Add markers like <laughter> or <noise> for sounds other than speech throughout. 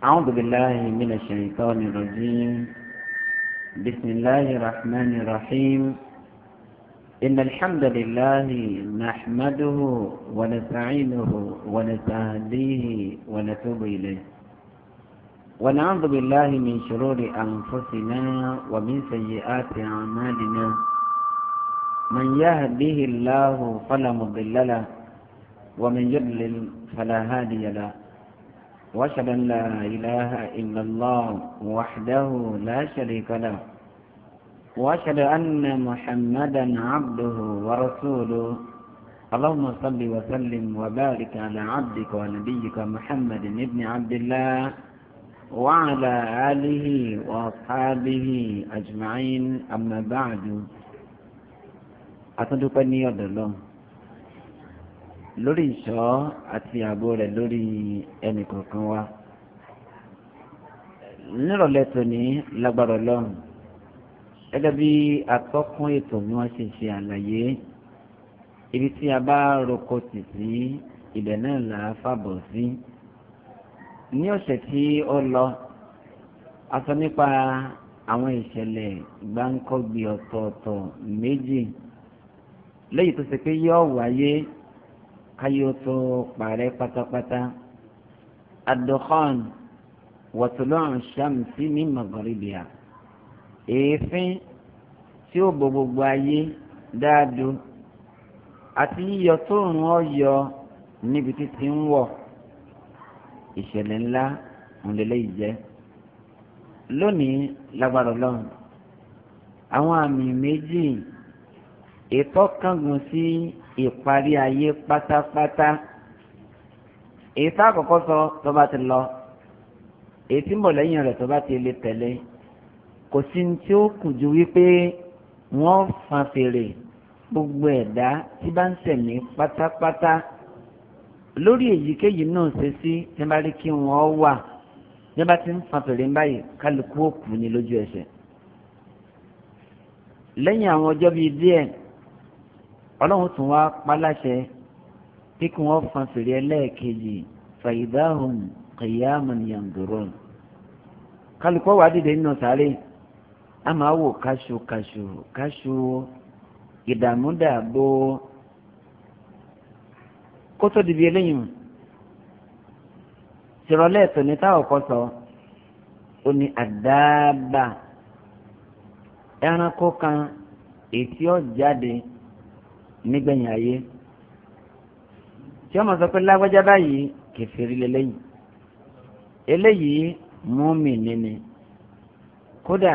أعوذ بالله من الشيطان الرجيم بسم الله الرحمن الرحيم إن الحمد لله نحمده ونستعينه ونستهديه ونتوب إليه ونعوذ بالله من شرور أنفسنا ومن سيئات أعمالنا من يهده الله فلا مضل له ومن يضلل فلا هادي له واشهد ان لا اله الا الله وحده لا شريك له واشهد ان محمدا عبده ورسوله اللهم صل وسلم وبارك على عبدك ونبيك محمد بن عبد الله وعلى اله واصحابه اجمعين اما بعد اتدقني يد الله lórí ìṣọ́ àti ààbò rẹ̀ lórí ẹnì kọ̀ọ̀kan wa nírọ̀lẹ́ tòní lágbára ọlọ́run gẹ́gẹ́ bí atọ́kùn ètò ni wọ́n ṣe ṣe àlàyé ibi tí a bá roko tì sí ibẹ̀ náà là á fàbọ̀ sí ní ọ̀sẹ̀ tí ó lọ a sọ nípa àwọn ìṣẹ̀lẹ̀ gbáǹkọ́gbì ọ̀tọ̀ọ̀tọ̀ méjì lẹ́yìn tó ṣe pé yóò wáyé káyé ó tó parẹ́ pátápátá adukhan wọtúlọ́run ṣàmùsí ní magoribia èéfín tí ó bo gbogbo ayé dáadu àti yíyọ tóòrùn ọyọ níbi títí ń wọ̀ ìṣẹ̀lẹ̀ ńlá ńlẹ̀lẹ̀ ìjẹ́ lónìí lágbára ọlọ́run àwọn àmì méjì ètò kángun sí. Si ìparí ayé pátápátá èyí tá àkọ́kọ́ sọ tó bá ti lọ èyí tí ń bọ̀ lẹ́yìn rẹ̀ tó bá ti lè tẹ̀lé kò sí ní tí ó kù ju wípé wọ́n fan fèrè gbogbo ẹ̀dá tí bá ń sẹ̀mí pátápátá lórí èyíkéyìí náà ṣe sí tí bá rí kí wọ́n wà bí wọ́n bá ti ń fan fèrè ń báyìí kálukú òkú ni lójú ẹsẹ̀ lẹ́yìn àwọn ọjọ́ bíi díẹ̀ ọlọ́run tún wá paláṣẹ bí kí wọ́n fan fèrè ẹlẹ́ẹ̀kejì fàyídáhùn kìyàmùn yàǹdùrún. kálukọ́ wàá dìde nínú sáré a máa wò káṣukáṣu káṣu ìdààmúdàbò kótó dìbí eléyìí tìrọ̀lẹ́ ẹ̀tọ́ ní táwọn kọ́ sọ ó ní àdáàbà ẹranko kan ètí ọ̀ jáde nígbẹ̀yìn ayé tí wọ́n mọ̀ sọ pé lágbájá báyìí kẹfìrí lélẹ́yìn eléyìí múmi níní kódà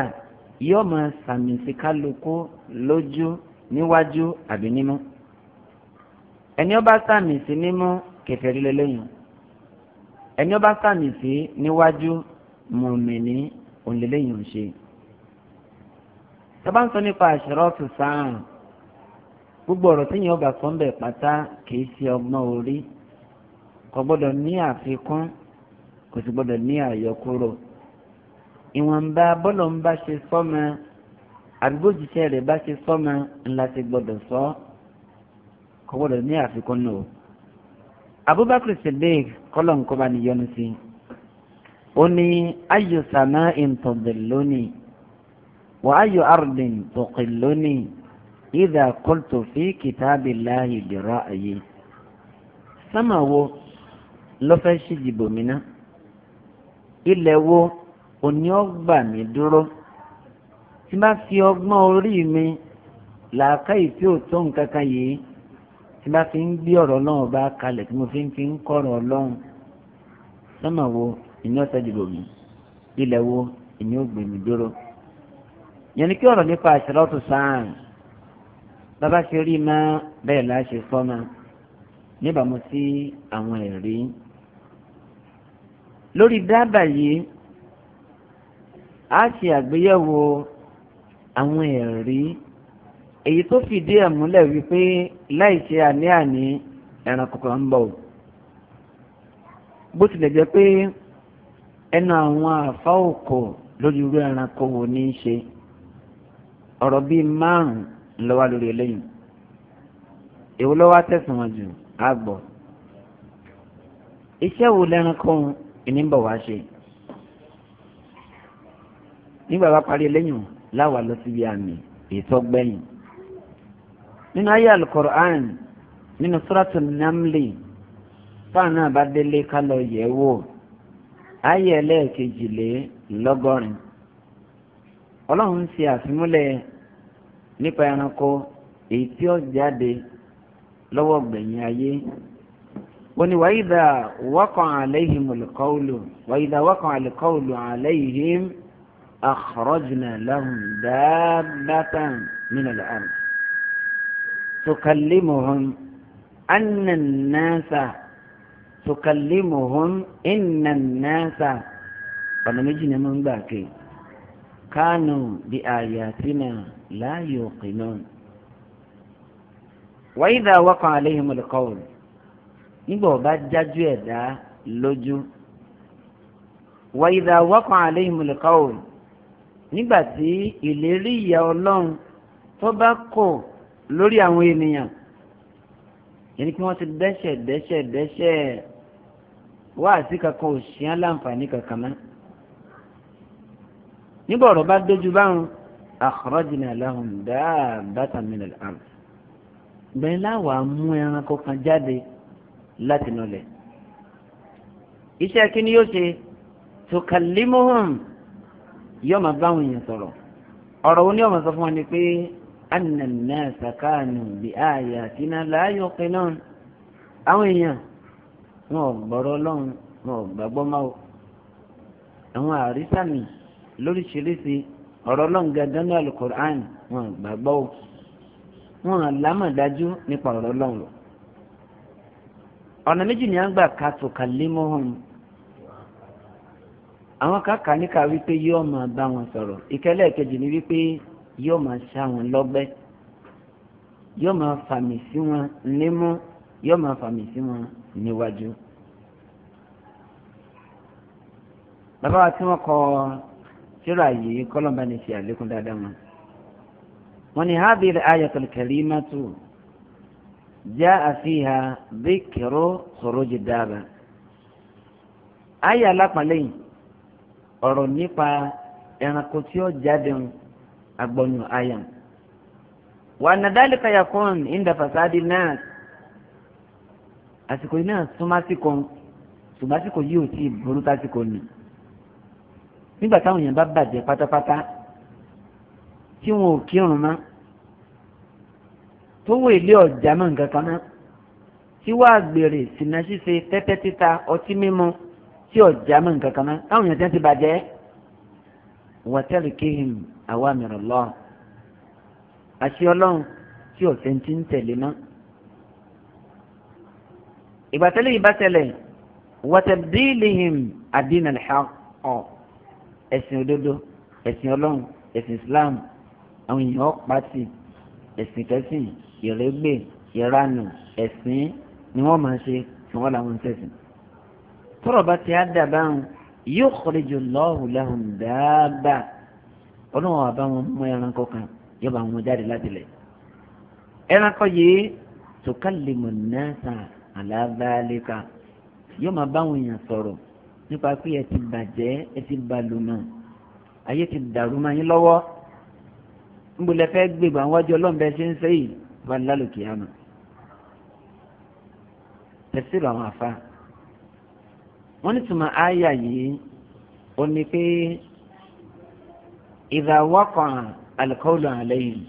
yóò máa sàmì sí kálukú lójú níwájú àbí nímú ẹni ó bá sàmì sí nímú kẹfìrí lélẹ́yìn ẹni ó bá sàmì sí níwájú múmi ní òǹlẹ́lẹ́yìn ò ṣe. tọ́ba nípa àṣírọ́ sáà gbogbo ọ̀rọ̀ tí yẹn ọba sọ ń bẹ̀ pátá kìí ṣe ọgbọ́n orí kò gbọ́dọ̀ ní àfikún kò sì gbọ́dọ̀ ní àyọkúrò ìwọ̀nba bọ́lọ̀ ń bá ṣe sọ́mọ àdúgbò jíṣẹ́ rẹ̀ bá ṣe sọ́mọ ńlá ti gbọ́dọ̀ sọ kò gbọ́dọ̀ ní àfikún nù. Abubakar Siddiq kọ́lọ̀ ń kọ́ba sí i ó ní ayò sàmá ìntọ̀bẹ̀ lónìí wà ayò ardìn tọ̀kì lónìí idha qultu fi kitabillahi bi ra'yi sámà wo ló fẹ́ ṣì dìbò mí ná ilẹ̀ wo òní ọgbà mi dúró tí bá fi ọgbọ́n orí mi làákàyè tí ò tó nǹkan kan yìí tí bá fi ń gbé ọ̀rọ̀ náà bá kalẹ̀ tí mo fi ń fi ń kọ̀rọ̀ ọlọ́run sámà wo ìní ọ̀sẹ̀ dìbò mí ilẹ̀ wo ìní ògbè mi dúró yẹn ni kí ọ̀rọ̀ nípa àṣírọ́tù sáà bàbá ṣe rí ma bẹ́ẹ̀ la ṣe fọ́ ma níbàámu sí àwọn ẹ̀rí lórí dábà yìí a ṣe àgbéyẹ̀wò àwọn ẹ̀rí èyí tó fìdí ẹ̀ múlẹ̀ wípé láì ṣe àní-àní ẹran kankan ń bọ̀ bó tilẹ̀ jẹ́ pé ẹnu àwọn àfa òkò lórí irú ẹranko wo ní í ṣe ọ̀rọ̀ bíi márùn-ún ńlọ́wọ́ lórí eléyìí èwo lọ́wọ́ tẹ̀sán wọn jù á gbọ́ iṣẹ́ wo lẹ́ranko ìní ń bọ̀ wá ṣe nígbà bá parí eléyìí láwa lọ síbi àmì ètò gbẹ̀yìn nínú ayé alukoran nínú sọ́ràtù namli fáànù àbádélé kálọ̀ yẹ̀ wò ayé ẹlẹ́ẹ̀kejì lé lọ́gọ́rin ọlọ́run ti àfimúlẹ̀ nípa ẹranko èyí tí ó jáde lọ́wọ́ gbẹ̀yìn ayé wọ́n ní wàyídà wọ́kàn àlẹ́yìn olùkọ́ọ̀lù wàyídà wọ́kàn àlẹ́kọ́ọ̀lù àlẹ́yìn àkọ́rọ́jùnà lọ́hùn dáadáa nínú àrùn. تكلمهم أن الناس تكلمهم إن الناس ọ̀nà méjì ni mo ń gbà kéè kánú bí àyàtínà láàyò kìnnà. wáyé dá wákàn àléhìn mọ̀lẹ́kọ́ọ̀lù nígbà ọba jájú ẹ̀dá lójú. wáyé dá wákàn àléhìn mọ̀lẹ́kọ́ọ̀lù nígbà tí ìlérí ìyà ọlọ́run tó bá kò lórí àwọn ènìyàn yẹn kí wọ́n ti dẹ́ṣẹ̀ dẹ́ṣẹ̀ dẹ́ṣẹ̀ wá àti kankan ò ṣíyàn láǹfààní kankan mọ́ nígbà ọ̀rọ̀ bá dójú báwọn akhrajna lahum dabbatan minal ard bẹ́ẹ̀ láwàá mú ẹranko kan jáde láti nulẹ̀ iṣẹ́ kí ni yóò ṣe tukallimuhum yóò máa báwọn èèyàn sọ̀rọ̀ ọ̀rọ̀ wo ni yóò máa sọ fún wọn ni pé anna an-nasa kanu bi ayatina la àwọn èèyàn wọn ò gbọ́rọ̀ ọlọ́run wọn ò gbàgbọ́ máa àwọn àrísàmì lóríṣiríṣi ọ̀rọ̀ ọlọ́run gangan ní alukur'an wọn gbàgbọ́ o wọn lámàdájú nípa ọ̀rọ̀ ọlọ́run lọ. ọ̀nà méjì ni a ń gbà ká tó ka lémọ́ hàn àwọn kàkà níka wípé yóò máa bá wọn sọ̀rọ̀ ìkẹlẹ̀ kejì ni wípé yóò máa ṣá wọn lọ́gbẹ́ yóò máa fàmì sí wọn nímú yóò máa fàmì sí wọn níwájú. bàbá wa tí wọ́n kọ́ ọ tíra yìí kọ́lọ́mbà ní ṣe àlékún dáadáa wọn. wọ́n ní hadhihi ayatul karimatu jaa fiha dhikru khuruji dábàá. àyà alápàlẹ́yìn ọ̀rọ̀ nípa ẹranko tí ó jáde ń agbọ́nù àyà. wa anna dhalika yakun inda fasadi nas àsìkò yìí náà súnmásìkò súnmásìkò yìí ò tí ì burú tásìkò nìyí nígbà táwọn èèyàn bá bàjẹ́ pátápátá tí wọn ò kírun mọ́ tó wọ ilé ọ̀jà mọ́ nǹkan kan náà tí wọ́n àgbèrè sínú ṣíṣe tẹ́tẹ́ títa ọtí mímu tí ọ̀jà mọ́ nǹkan kan náà táwọn èèyàn ti bàjẹ́ wọ́tẹ́lì kéhìn àwa mìíràn lọ àṣẹ ọlọ́run tí ọ̀sẹ̀ ti ń tẹ̀lé mọ́ ìgbà tẹ́lẹ̀ yìí bá tẹ̀lẹ̀ wọ́tẹ́bílìhìn àdínàlẹ́ ọ̀ ẹ̀sìn òdodo ẹ̀sìn ọlọ́run ẹ̀sìn islam àwọn èèyàn pàtì ẹ̀sìn kẹsìn ìrẹ́gbè ìranù ẹ̀sìn ni wọ́n máa ṣe tí wọ́n làwọn ń tẹ̀sìn. tọ́rọ̀ bá ti á dà báwọn yóò kọ́lẹ́jọ lọ́hùn lẹ́hùn dáadáa ọlọ́run àbá wọn mú ẹranko kan yóò bá wọn jáde láti lẹ̀. ẹranko yìí tòkálẹ̀ mọ̀ náà sàn àlábàálẹ̀ kan yóò máa báwọn èèyàn sọ̀rọ̀ nípa pé ẹ ti bàjẹ́ ẹ ti balùmọ̀ ayé ti dàrú mọ́ yín lọ́wọ́ níbo lẹ fẹ́ gbégbá wájú ọlọ́mbẹ ṣe ń ṣe yìí wà lálùkì àmọ́ tẹ̀síìrì àwọn àfa wọ́n ní tùmọ̀ àyà yìí ó ní pé idha waqa'a al-qawlu alayhim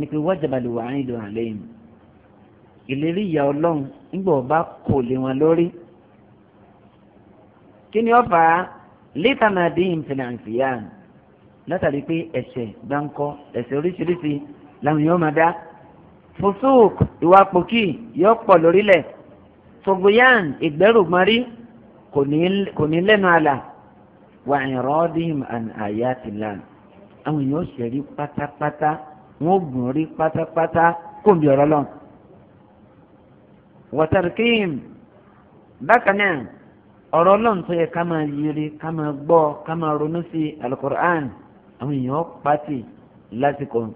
ni pé wajaba al-wa'idu alayhim ìlérí ìyá ọlọ́run nígbà ọba kò lé wọn lórí kí ni ó fà á lítà máa dín ìfìnàfìyàn látàrí pé ẹ̀ṣẹ̀ gbáǹkọ́ ẹ̀ṣẹ̀ oríṣiríṣi làwọn yóò máa dá fosuk ìwà pòkì yóò pọ̀ lórílẹ̀ togoyan ìgbẹ́rùgbọ́nrí kò ní lẹ́nu àlà wà ìrọ́dìm àyà tìlá àwọn èèyàn ṣẹ̀rí pátápátá wọn ò gùn rí pátápátá kò ń bí ọ̀rọ̀ lọ. wọ́tàrkìm bákan náà ọ̀rọ̀ ọlọ́run tó yẹ ká máa yiri ká máa gbọ́ ká máa ronú sí alukur'an àwọn èèyàn pàtì lásìkò ọ̀rọ̀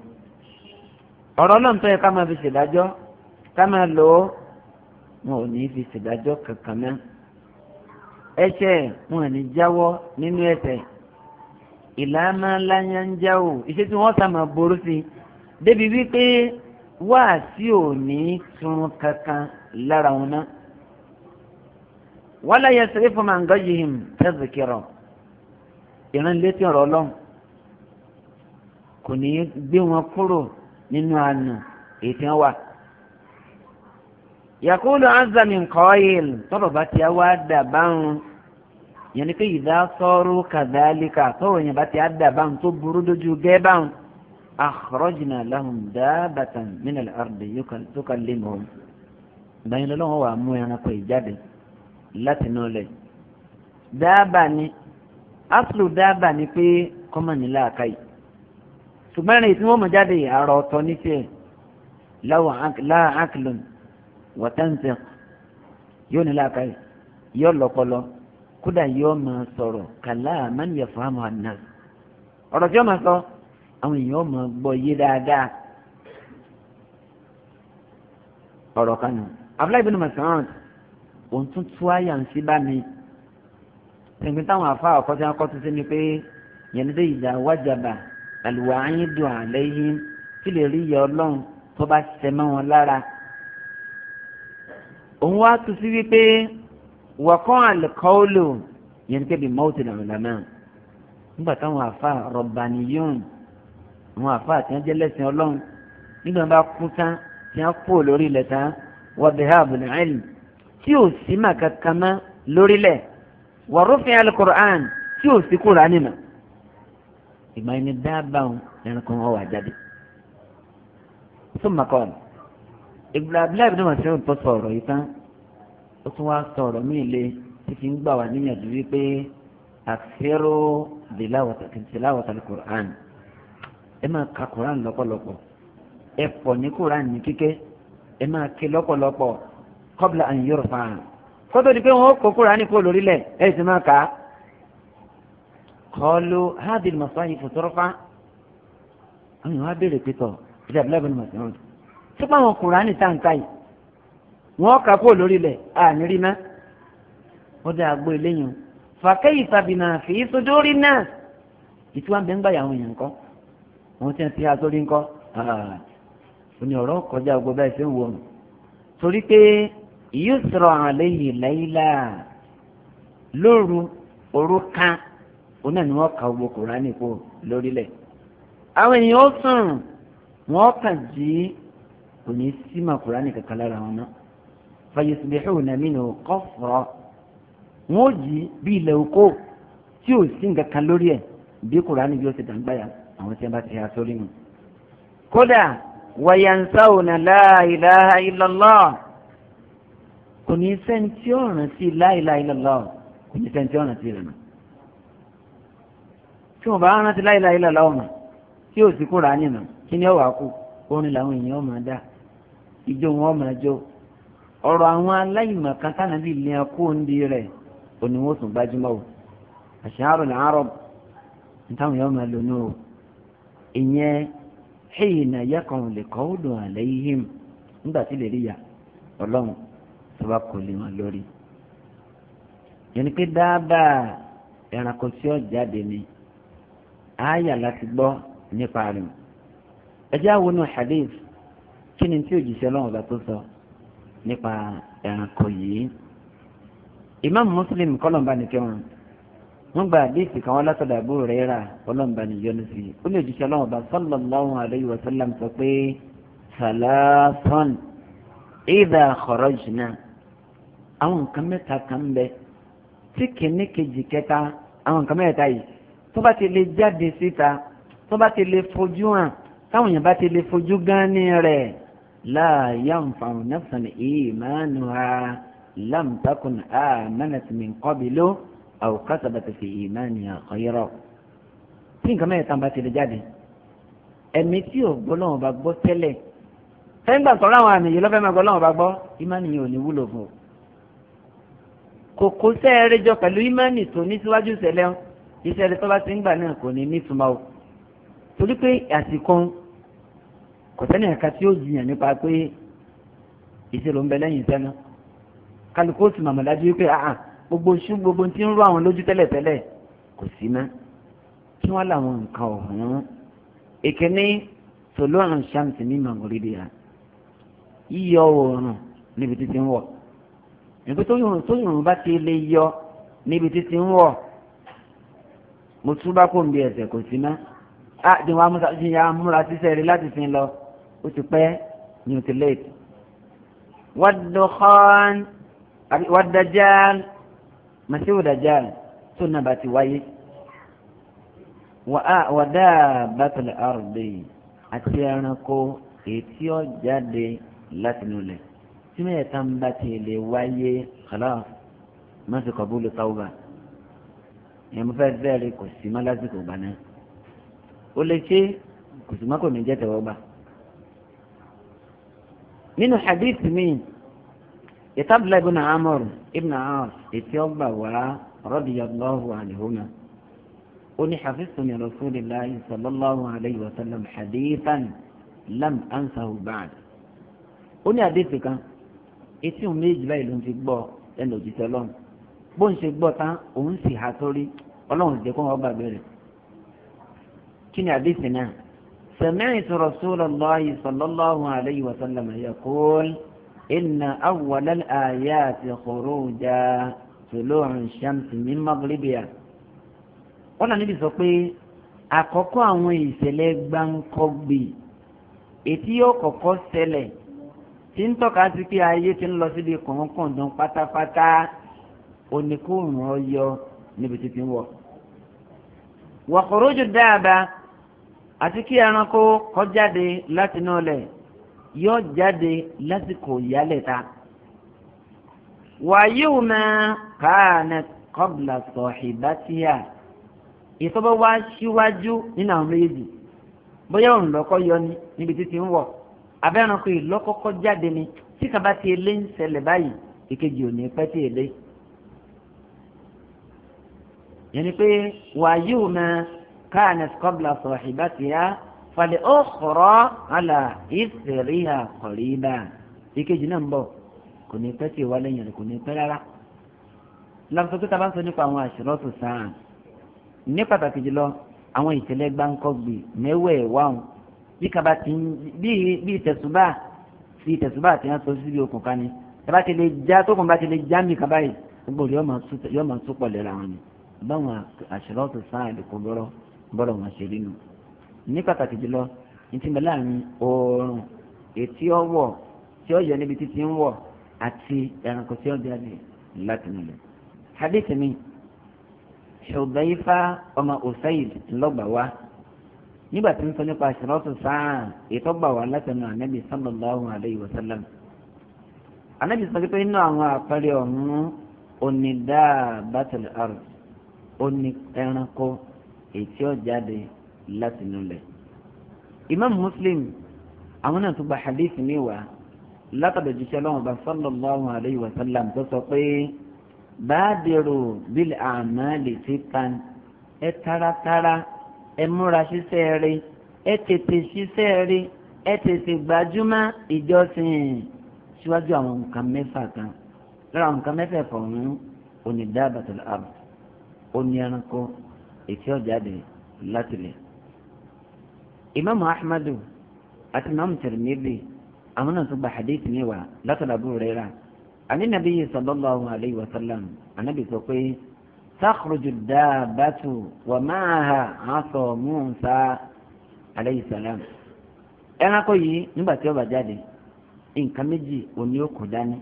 ọlọ́run tó yẹ ká máa fi ṣèdájọ́ ká máa lò ó wọn ò ní fi ṣèdájọ́ kankan náà ẹ̀ṣẹ̀ wọn ò ní jáwọ́ nínú ẹ̀ṣẹ̀ ìlànà láyà ń jáwò iṣẹ́ tí wọ́n sá máa ború sí débi wípé wáàsí ò ní tún kankan lára wọn náà wala yasrifu man ghayyihim tadhkira ìránnilétí ọ̀rọ̀ ọlọ́run kò ní í gbé wọn kúrò nínú àná èyí tí wọ́n wà. yaqulu azza min qail tọ́rọ̀ bá ti wá dà báwọn yẹn ni pé ìdá sọ́ọ́rù kadhalika tọ́rọ̀ yẹn bá ti dà báwọn tó burú dojú gẹ́ báwọn. akhrajna lahum dabbatan min al-ardi yukallimuhum. ìgbà yẹn lọ́wọ́ wà mú ẹranko ìjáde láti inú ilẹ̀ dáàbà ni aslu dáàbà ni pé kọ́mọ̀ ní làákàyè ṣùgbọ́n ẹ̀rìn tí wọ́n mọ̀ jáde àrò ọ̀tọ̀ ní tiẹ̀ láwọn láàkìlùn wọ̀tẹ́ǹtẹ̀ yóò ní làákàyè yóò lọ́pọlọ kódà yóò máa sọ̀rọ̀ kàlá man yafhamu an-nas ọ̀rọ̀ tí yóò máa sọ àwọn èèyàn máa gbọ́ yé dáadáa ọ̀rọ̀ kanu Abdullahi bin Mas'ud òun tún tú àyà ń sí bá mi pẹ̀lú táwọn afa ọ̀kọ́tí akọ́tí sí ni pé yẹn ní sẹ́yìn ìjà wájàbà àlùwà ayé dùn àlẹ́ yìí tí lè rí ìyá ọlọ́run tó bá ṣiṣẹ́ mọ́ wọn lára. òun wá tu sí wípé wọ̀kọ́ àlùkọ́ọ́lù yẹn ní kẹ́bi mọ́ọ̀tì nígbà táwọn afa rọ̀bàníyàn àwọn afa àti wọn jẹ́ lẹ́sìn nígbà wọn bá kú tán tí wọn kú lórí ilẹ̀ tán wọ́n bẹ̀rẹ̀ àbùnà ẹ̀lì tí ò sí mà kankan mọ́ lórílẹ̀ wàrúfin alukur'an tí ò sí kúrò ánìmọ̀ ìgbà yẹn ni dábàá òun ẹranko wọn wà jáde fún makọ́ọ̀nù ìgbà abúlé náà ṣe ń tọ́ sọ̀rọ̀ yìí tán ó tún wá sọ̀rọ̀ mí lé tí fi ń gbà wá níyànjú wípé àfẹ́rò tìláwọ̀tà ní ẹ máa ka kùrán lọ́pọ̀lọpọ̀ ẹ pọ̀ ní kùrán ní kíké ẹ máa ké lọ́pọ̀lọpọ̀ kọ́bìlà àyìn yóò fa àrùn kótó di pé wọn ó kó Kùránì kó lórílẹ̀ ẹ̀ sì máa kà á. kọ́lu hadil masáyì fòtọ́rọ́fà àwọn yòówá béèrè pétọ̀ ìdí abúlé bẹ́ẹ̀ ni màsí wọn. sípò àwọn Kùránì tá à ń ká yìí wọn kà kó lórílẹ̀ àní rí ná. ó dé àgbo eléyìí fàkẹ́yì fàbìmọ̀ àfi sódórí náà ìtura bẹ́ẹ̀ ń gbà yàwọn èèyàn kọ́ wọn ti ń ti àtórí ńkọ́ ó ní ọ̀rọ̀ kọjá gbogbo báyìí ṣe torí pé yusra alayhi layla lóru òru kan òun náà ni wọ́n ka gbogbo kùránì kó lórílẹ̀ àwọn èèyàn ó sùn wọ́n kàn jí kò ní í símà kùránì kankan lára wọn náà fayusbihuna minhu qasra wọn jí bí ilẹ̀ oko tí ò sí nǹkan lórí ẹ̀ bí kùránì bí ó ti dàgbàyà àwọn tí wọn bá ti ha sórí mu. kódà wayansawna la ilaha illallah kò ní sẹ́ni tí ó rántí la ilaha illallah kò ní sẹ́ni tí ó rántí rẹ̀ mọ́ tí wọ́n bá rántí la ilaha illallah mọ́ tí ò sì kúra ní mọ́ kí ni ó wàá kú orin làwọn èèyàn máa dá ìjó wọn máa jó ọ̀rọ̀ àwọn aláìmọ̀ kan tánàbí ilé ẹ̀kọ́ òǹdí rẹ̀ òní wọ́n tún gbajúmọ̀ o àṣàrò làárọ̀ nítawọn yóò máa lò náà ìyẹn hìnnà yẹ kàn lè kọ́ ó dùn àlẹ́ yìí hìm tó bá kò lè wọn lórí. yẹnni pé dábàá ẹranko tí ó jáde ni àáyà láti gbọ́ nípa rẹ̀. ẹ jẹ́ àwọn onú hadith kí ni tí òjìṣẹ́ lọ́wọ́ bá tó sọ nípa ẹranko yìí. imam muslim kọ́lọ̀mbà nìkẹ́ wọn wọ́n gba àdéhìsì kan wọ́n látọ̀dọ̀ àbúrò rẹ̀ rà ọlọ́mba nìyọnu sí i ó lè jíṣẹ́ lọ́wọ́ bá sallallahu alayhi wa sallam sọ pé salasan idha kharajna àwọn nǹkan mẹ́ta kan bẹ tí kìíní kejì kẹta àwọn nǹkan mẹ́ta yìí tó bá ti lè jáde síta tó bá ti lè fojú hàn táwọn èèyàn bá ti lè fojú gánni rẹ̀ la yanfa'u nafsan imanuha lam takun amanat min qablu aw kasabat fi imaniha khayra tí nǹkan mẹ́ta bá ti lè jáde ẹ̀mí tí ò gbọ́lọ́wọ́ bá gbọ́ tẹ́lẹ̀ fẹ́ńgbà sọ̀rọ̀ àwọn àmì yìí lọ́fẹ́ máa gbọ́lọ́wọ́ bá gbọ́ ìmánìyàn ò ní wúlò fún un kòkó sẹ́ẹ̀rẹ́ jọ pẹ̀lú ímánì tó ní síwájú ìṣẹ̀lẹ̀ iṣẹ́ rẹ̀ tó bá ti ń gbà náà kò ní nítumọ̀ o torí pé àsìkò kò sẹ́ni ẹ̀ka tí ó jiyàn nípa pé ìṣèlú ń bẹ lẹ́yìn iṣẹ́ náà kálukú ó sì màmá dájú wípé àà gbogbo ṣú gbogbo tí ń rú àwọn lójú tẹ́lẹ̀tẹ́lẹ̀ kò sí mọ́ kí wọ́n làwọn nǹkan ọ̀hún ìkíní tòlóhàn ṣàǹtì ní màmúrídìí yíyọ oòrùn níbi títí ń wọ̀ nígbà tó yòrùn tó yòrùn bá ti lè yọ níbi títí ń wọ̀ mo tún bá kó ń bi ẹ̀sẹ̀ kò sí mọ́ á ah, di wọn amúra ti ya amúra sísẹ rí láti sin lọ ó ti pẹ́ ní o ti late. wàdùkọ́n wàdàjàl màsíwò dàjàl tó náà ti wáyé wàdà bàtàlẹ̀ àrùbẹ̀yì àti ẹranko èyí tí jáde látinú lẹ̀ tí mẹ́ẹ̀ẹ́ta ń bá ti lè wáyé kàlá mọ́sí kọ̀bùlù tàwùbà ìyẹn mo fẹ́ bẹ́ẹ̀ rí kò sí má lásìkò gbà náà ó lè ṣe kò sí má kò ní jẹ́ tẹ̀wọ́ gbà. nínú hadith mi ìtàbílẹ̀ ibn amr ibn aas ètí ọgbà wá radiyallahu anhuma ó ní hafiztu min rasulillahi sallallahu alayhi wa sallam hadithan lam ansahu ba'd ó ní hadith kan etí òun méjì báyìí ló ń fi gbọ́ ẹnu òjijì ọlọ́run bó ń ṣe gbọ́ tán òun sì há sórí ọlọ́run sì jẹ́ kó wọ́n gbàgbé rẹ̀ kí ni àdéhìsì náà sami'tu rasulallahi sallallahu alayhi wa sallam yaqul inna awwalal ayati khuruja tulu'u shamsi min maghribiha wọ́n náà níbi sọ pé àkọ́kọ́ àwọn ìṣẹ̀lẹ̀ gbáǹkọ́gbì ètí yóò kọ́kọ́ ṣẹlẹ̀ tí ń tọ́ka sí pé ayé ti ń lọ síbi kọ̀ọ̀kọ̀ọ̀dún pátápátá oníkóòrùn ọyọ níbi títí wọ̀. wàkúrújù dáadáa àti kí ẹranko kọjáde látinú ọlẹ̀ yóò jáde lásìkò ìyálẹ̀ta. wàyí òun kàánà kọ́bùlà sọ̀hìbátìyà ìtọ́bọ̀ wá síwájú nínú àwọn méjèèjì bóyá òun yọ ní níbi títí ń wọ̀ abẹ́ranko yìí lọ́kọ́kọ́ jáde ni tí kaba ti lé ń ṣẹlẹ̀ báyìí ìkejì ò ní pẹ́ tí èlé. yẹnni pé wàyí ò mọ káànẹ̀tì kọ́bla sọ̀rọ̀ ìbá ti yá falẹ̀ ó kọ̀rọ̀ àlà ìsẹ̀rí hà kọ̀rí bá ìkejì náà ń bọ̀ kò ní pẹ́ tí ìwálé yẹn kò ní pẹ́ rárá. lọ́sọ̀ tó taba ń sọ nípa àwọn àṣírọ́ tó sáà ní pàtàkì jùlọ àwọn ìtẹ̀lẹ́gbáǹkọ́gbì mẹ́wẹ̀ẹ́wà bí kaba ti ń bí tẹ̀sùbà bí tẹ̀sùbà ti ń sọ síbi okùn kan ni kaba ti lè já tókùn bá ti lè já mi kaba yìí gbogbo yóò máa sún pọ̀lẹ́ ra wọn ni báwọn àṣírọ́ọ̀tù sáà lè kó bọ́rọ̀ bọ́rọ̀ wọn ṣe rí nu ní pàtàkì jùlọ ní ti bẹ láàrin oorun ètí ọwọ́ tí ó yẹ níbi títí ń wọ̀ àti ẹranko tí ó jáde láti nílẹ̀. hadith mi Hudhayfa ọmọ Usaid lọ́gbàá wa nígbà tí ń sọ nípa àṣírọ́tù sáà ètò gbà wá látẹnu ànábì sallallahu alayhi wa sallam ànábì sọ pé inú àwọn àpẹẹrẹ ọ̀hún onídà battle art oní ẹranko ètí ọ̀jáde láti nulẹ̀. imam muslim àwọn náà tún gba hadith mi wá látọ̀dọ̀ jíṣẹ́ lọ́wọ́ bá sallallahu alayhi wa sallam tó sọ pé báàdìrò bíl àmàlì títàn ẹ táratára ẹ múra ṣiṣẹ́ rẹ ẹ tètè ṣiṣẹ́ rẹ ẹ tètè gbajúmọ̀ ìjọsìn síwájú àwọn nǹkan mẹ́fà kan lọ́wọ́ àwọn nǹkan mẹ́fà kan ọ̀hún onídàbàtàlá àbù oní ẹranko ètí ọ̀jáde látìlẹ̀. ìmáàmù ahmadu àti ìmáàmù tìrìmìlì àwọn náà tún gba hadith mi wá látọ̀dọ̀ Abu Hurairah àní nàbí sallallahu alayhi wa sallam ànábì sọ pé. تخرج الدابة ومعها عصا موسى عليه السلام ẹranko yìí nígbà tí ó bá jáde nǹkan méjì òní ó kò dání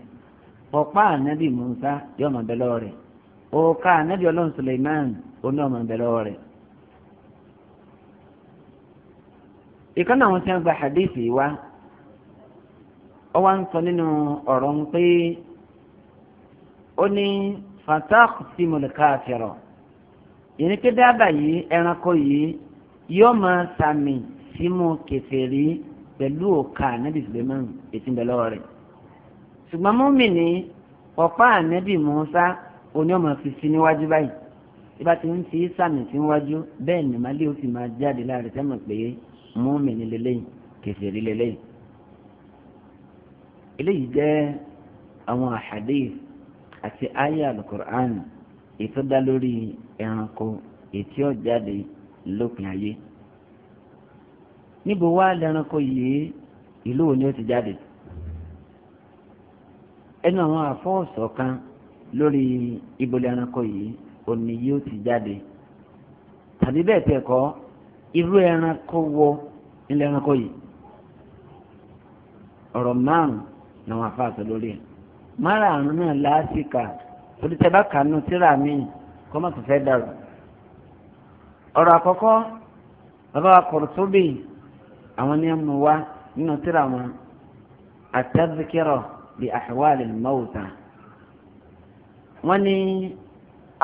ọ̀pá musa yóò máa bẹ lọ́wọ́ suleiman gba hadithi wa ọ wá ń sọ nínú ọ̀rọ̀ ń pé ó fatak sí mọ̀lẹ́ká àtẹ̀rọ̀ yẹn pé dábàá yìí ẹranko yìí yóò máa sàmì símú kẹfẹ́rí pẹ̀lú òkà ànábì Suleiman ètí ìbẹ̀lẹ̀ rẹ̀ ṣùgbọ́n mọ́mìnì ọ̀pá ànábì Musa oní ọmọ fi sí níwájú báyìí ìbá ti ń fi sàmì sí níwájú bẹ́ẹ̀ ni màálí ó fi máa jáde láàrin sẹ́mọ̀ pé mọ́mìnì lélẹ́yìn kẹfẹ́rí lélẹ́yìn eléyìí jẹ́ àwọn àhàdéyìí. àti ayé alukur'an ètò dá lórí ẹranko ètí ọ̀jáde lópin ayé níbo wá lẹ́ranko yìí ìlú wo ó ti jáde ẹnu àwọn kan lórí ìbọ̀lẹ̀ ẹranko yìí òní ti jáde tàbí bẹ́ẹ̀ tẹ̀ kọ́ irú ẹranko wo ilé ẹranko yìí ọ̀rọ̀ márùn-ún ni márààrún náà láásìkà torí tẹ bá kànú síra mi kọ́ má tó fẹ́ dàrú. ọ̀rọ̀ àkọ́kọ́ bàbá wa Qurtubi àwọn ní ẹ̀mú wa nínú síra wọn at-tadhkira bi ahwal al-mawta. wọ́n ní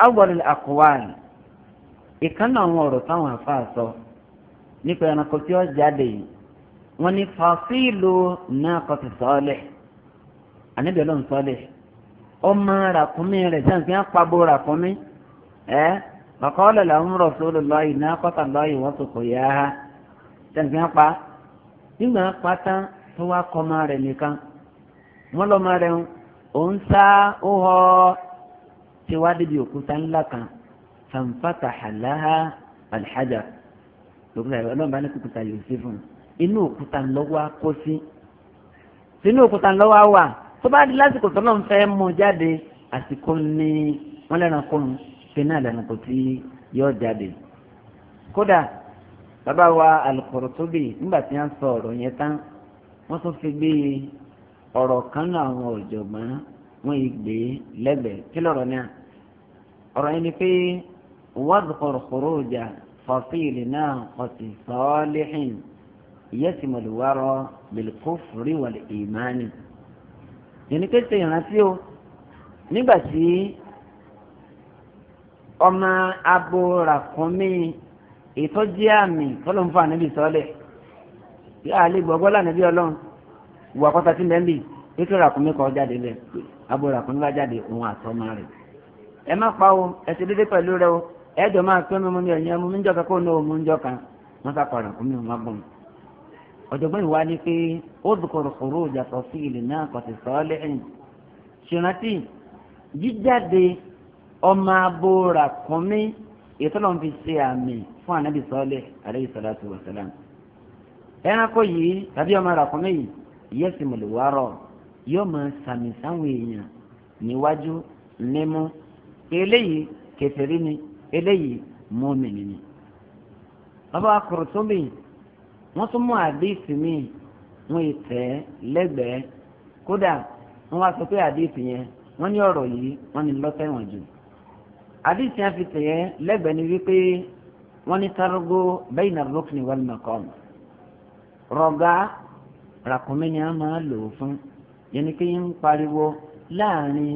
awwal al-aqwal àwọn ọ̀rọ̀ táwọn àfáà sọ nípa ẹranko tí ó jáde yìí wọ́n ní fàṣílù náà kọ́ ti sọ́ọ́lẹ̀. So ànábì ọlọ́run sọ́lẹ̀ ọmọ ràkúnmí rẹ̀ sẹ́yìn fi hàn pabó ràkúnmí ẹ́ bàkọ́lẹ̀ làwọn rọ̀sọ́lọ̀ lọ́yì náà kọ́tà lọ́yì wọ́n sọ̀kọ̀ yá ha fi pa nígbà pátá tó wá rẹ̀ nìkan wọ́n lọ́mọ rẹ̀ òun sá tí wá débi òkúta ńlá kan fanfata halaha alhaja lókùtà bá ní kúkúta sí fún tó bá di lásìkò tó lọ́n fẹ́ mú jáde àsìkò ní wọ́n lẹ́nu kọ́nu fínà lẹ́nu kò tí yọ jáde. kódà bàbá wa Al-Qurtubi nígbà tí wọ́n sọ ọ̀rọ̀ yẹn tán wọ́n tún fi gbé ọ̀rọ̀ kan náà àwọn ọ̀jọ̀gbọ́n wọ́n yìí gbé lẹ́gbẹ̀ẹ́ kí lọ́rọ̀ náà ọ̀rọ̀ yẹn ni pé wadhkur khuruja fasilina qati salihin yasimu al-wara bil kufri wal imani yẹnni pé ṣe ìrántí o nígbà tí ọmọ abo ràkúnmí ìtọ́jú àmì tọ́lọ́mùfà níbi sọ́lẹ̀ kí a lè gbọ́gbọ́ lànà bí ọlọ́run ìwà kọ́ta tí lẹ́ńbì pété ràkúnmí kan jáde lẹ̀ abo ràkúnmí bá jáde òun àtọ́mọ rẹ̀ ẹ má pa o ẹ ti dédé pẹ̀lú rẹ o ẹ jọ máa pẹ́ mímú ní ẹ̀yìn ẹmu mi ń jọ kan kó ní òun mú ń jọ kan wọ́n sá pa ràkúnmí òun má gbọ́n mi. ọ̀jọ̀gbọ́n ìwà ni pé ó dùkọ̀rọ̀ kòrò ìjàpọ̀ sí ilẹ̀ náà kọ̀tì sọ́ọ́lẹ̀ jíjáde ọmọ abo ràkúnmí ìtọ́lọ́n fi ṣe àmì fún anabi sọ́ọ́lẹ̀ alayhi salatu ẹranko yìí tàbí ọmọ ràkúnmí yìí yẹ́ mọ̀lẹ́wárọ̀ yóò máa sàmì sáwọn èèyàn níwájú nímú eléyìí ni eléyìí ni. bàbá akọ̀rọ̀ tó wọ́n tún mú àdéhìsì míì wọ́n yìí tẹ̀ lẹ́gbẹ̀ẹ́ kódà wọ́n wá sọ pé àdéhìsì yẹn wọ́n ní ọ̀rọ̀ yìí wọ́n ní lọ́tẹ̀wọ̀n jù àdéhìsì yẹn fi tẹ̀ yẹn lẹ́gbẹ̀ẹ́ ni wípé wọ́n ní tarugo bayna ar-rukni wal-maqam rọ̀gá ràkúnmí ni a máa lò ó fún yẹn ni kí n pariwo láàrin